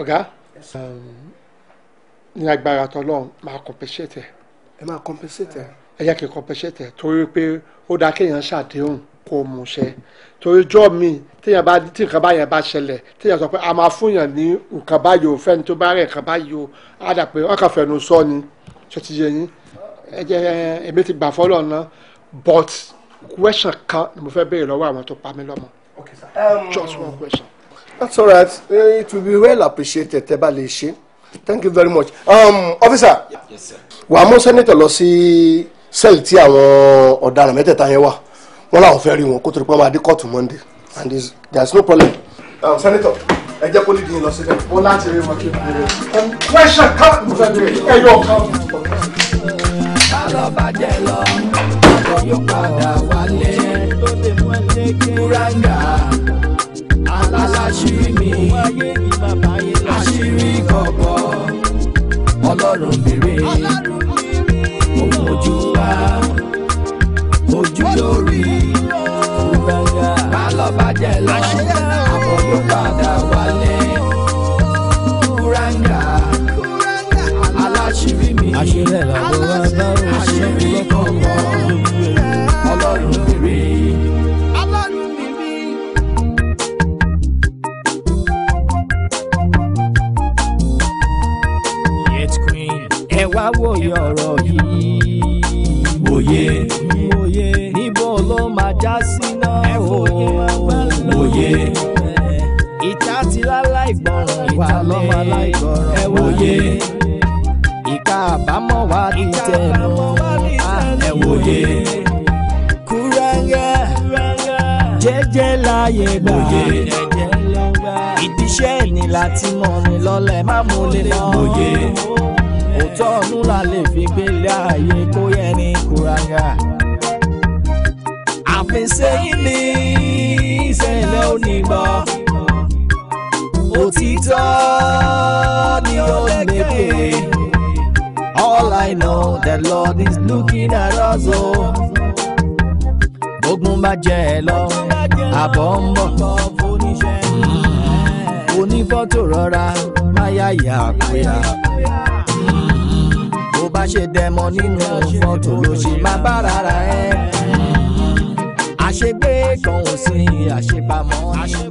ọ̀gá um, ní agbára tọ́lọ́run máa compensate ẹ̀. ẹ máa compensate ẹ̀. ẹ yẹ kí compensate ẹ̀ torí pé ó dáa kéèyàn ṣàdéhùn kó o mú ṣe torí jọ́ mi téèyàn bá tí nǹkan báyẹn bá ṣẹlẹ̀ téèyàn sọ pé a máa fúnyàn ní nǹkan báyìí o fẹ́ni tó bá rẹ̀ nǹkan báyìí o á dà pé ọkàn fẹ̀nu sọ ni ṣe ti yẹ yín ẹ jẹ́ ẹ̀mí ti gbà fọ́lọ́ náà but question kan ni mo fẹ́ béèrè lọ́wọ́ àwọn tó pa mí lọ́mọ. Um, just one question. that's all right uh, it will be well appreciated tẹ́ bá lè ṣe thank you very much. Um, officer yes sir. wàá mú sẹ́nitọ̀ lọ sí sẹ́ẹ̀lì tí àwọn ọ̀daràn mẹ́tẹ̀ẹ̀ta yẹn wà wọ́n làwọn fẹ́ rí wọn kó tó di pé wọ́n máa dé kóòtù monday and there is no problem. Um, senator ẹ jẹ́ kó nídìí lọ sí ẹ wọ́n láti rí wọn kí n bèrè. Um, question ẹ yọ ọ̀kan. alọ́bàjẹ́ lọ yóò padà wálé. Búráńdà alálàṣírí àṣírí kọ̀kọ̀ ọlọ́run bèrè òun ojú wa ojú lórí bálọ́bàjẹ́ lọ àbọ̀ yóò padà wálé. Búráńdà aláṣírí mi àṣírí kọ̀kọ̀. wòye ìka àbámọ̀ wá di tẹnu ẹ wòye kúrẹ́ngẹ́ jẹ́jẹ́ láyé gbà ìdíṣẹ́ ni láti mọ̀ ni lọ́lẹ̀ má mú lè lọ wòye òótọ́ ọdún la lè fi gbélé ààyè kó yẹ ní kúrẹ́ngẹ́ àfẹsẹ̀yìn ní ìṣẹ̀lẹ̀ onígbọ̀n. Òtítọ́ ni ó lékè. All I know, the Lord is looking at us o. Oh. Gbógun bá jẹ ẹ lọ, àbọ̀ ń bọ̀. Mm. Onífọ́ tó rọra, máyà yà àpòyà. Mm. Bó bá ṣe dẹmọ nínú fọ́tò ló ṣe máa bá rárá ẹ. Mm. Àṣegbé kan ò sí àṣepamọ́ ni.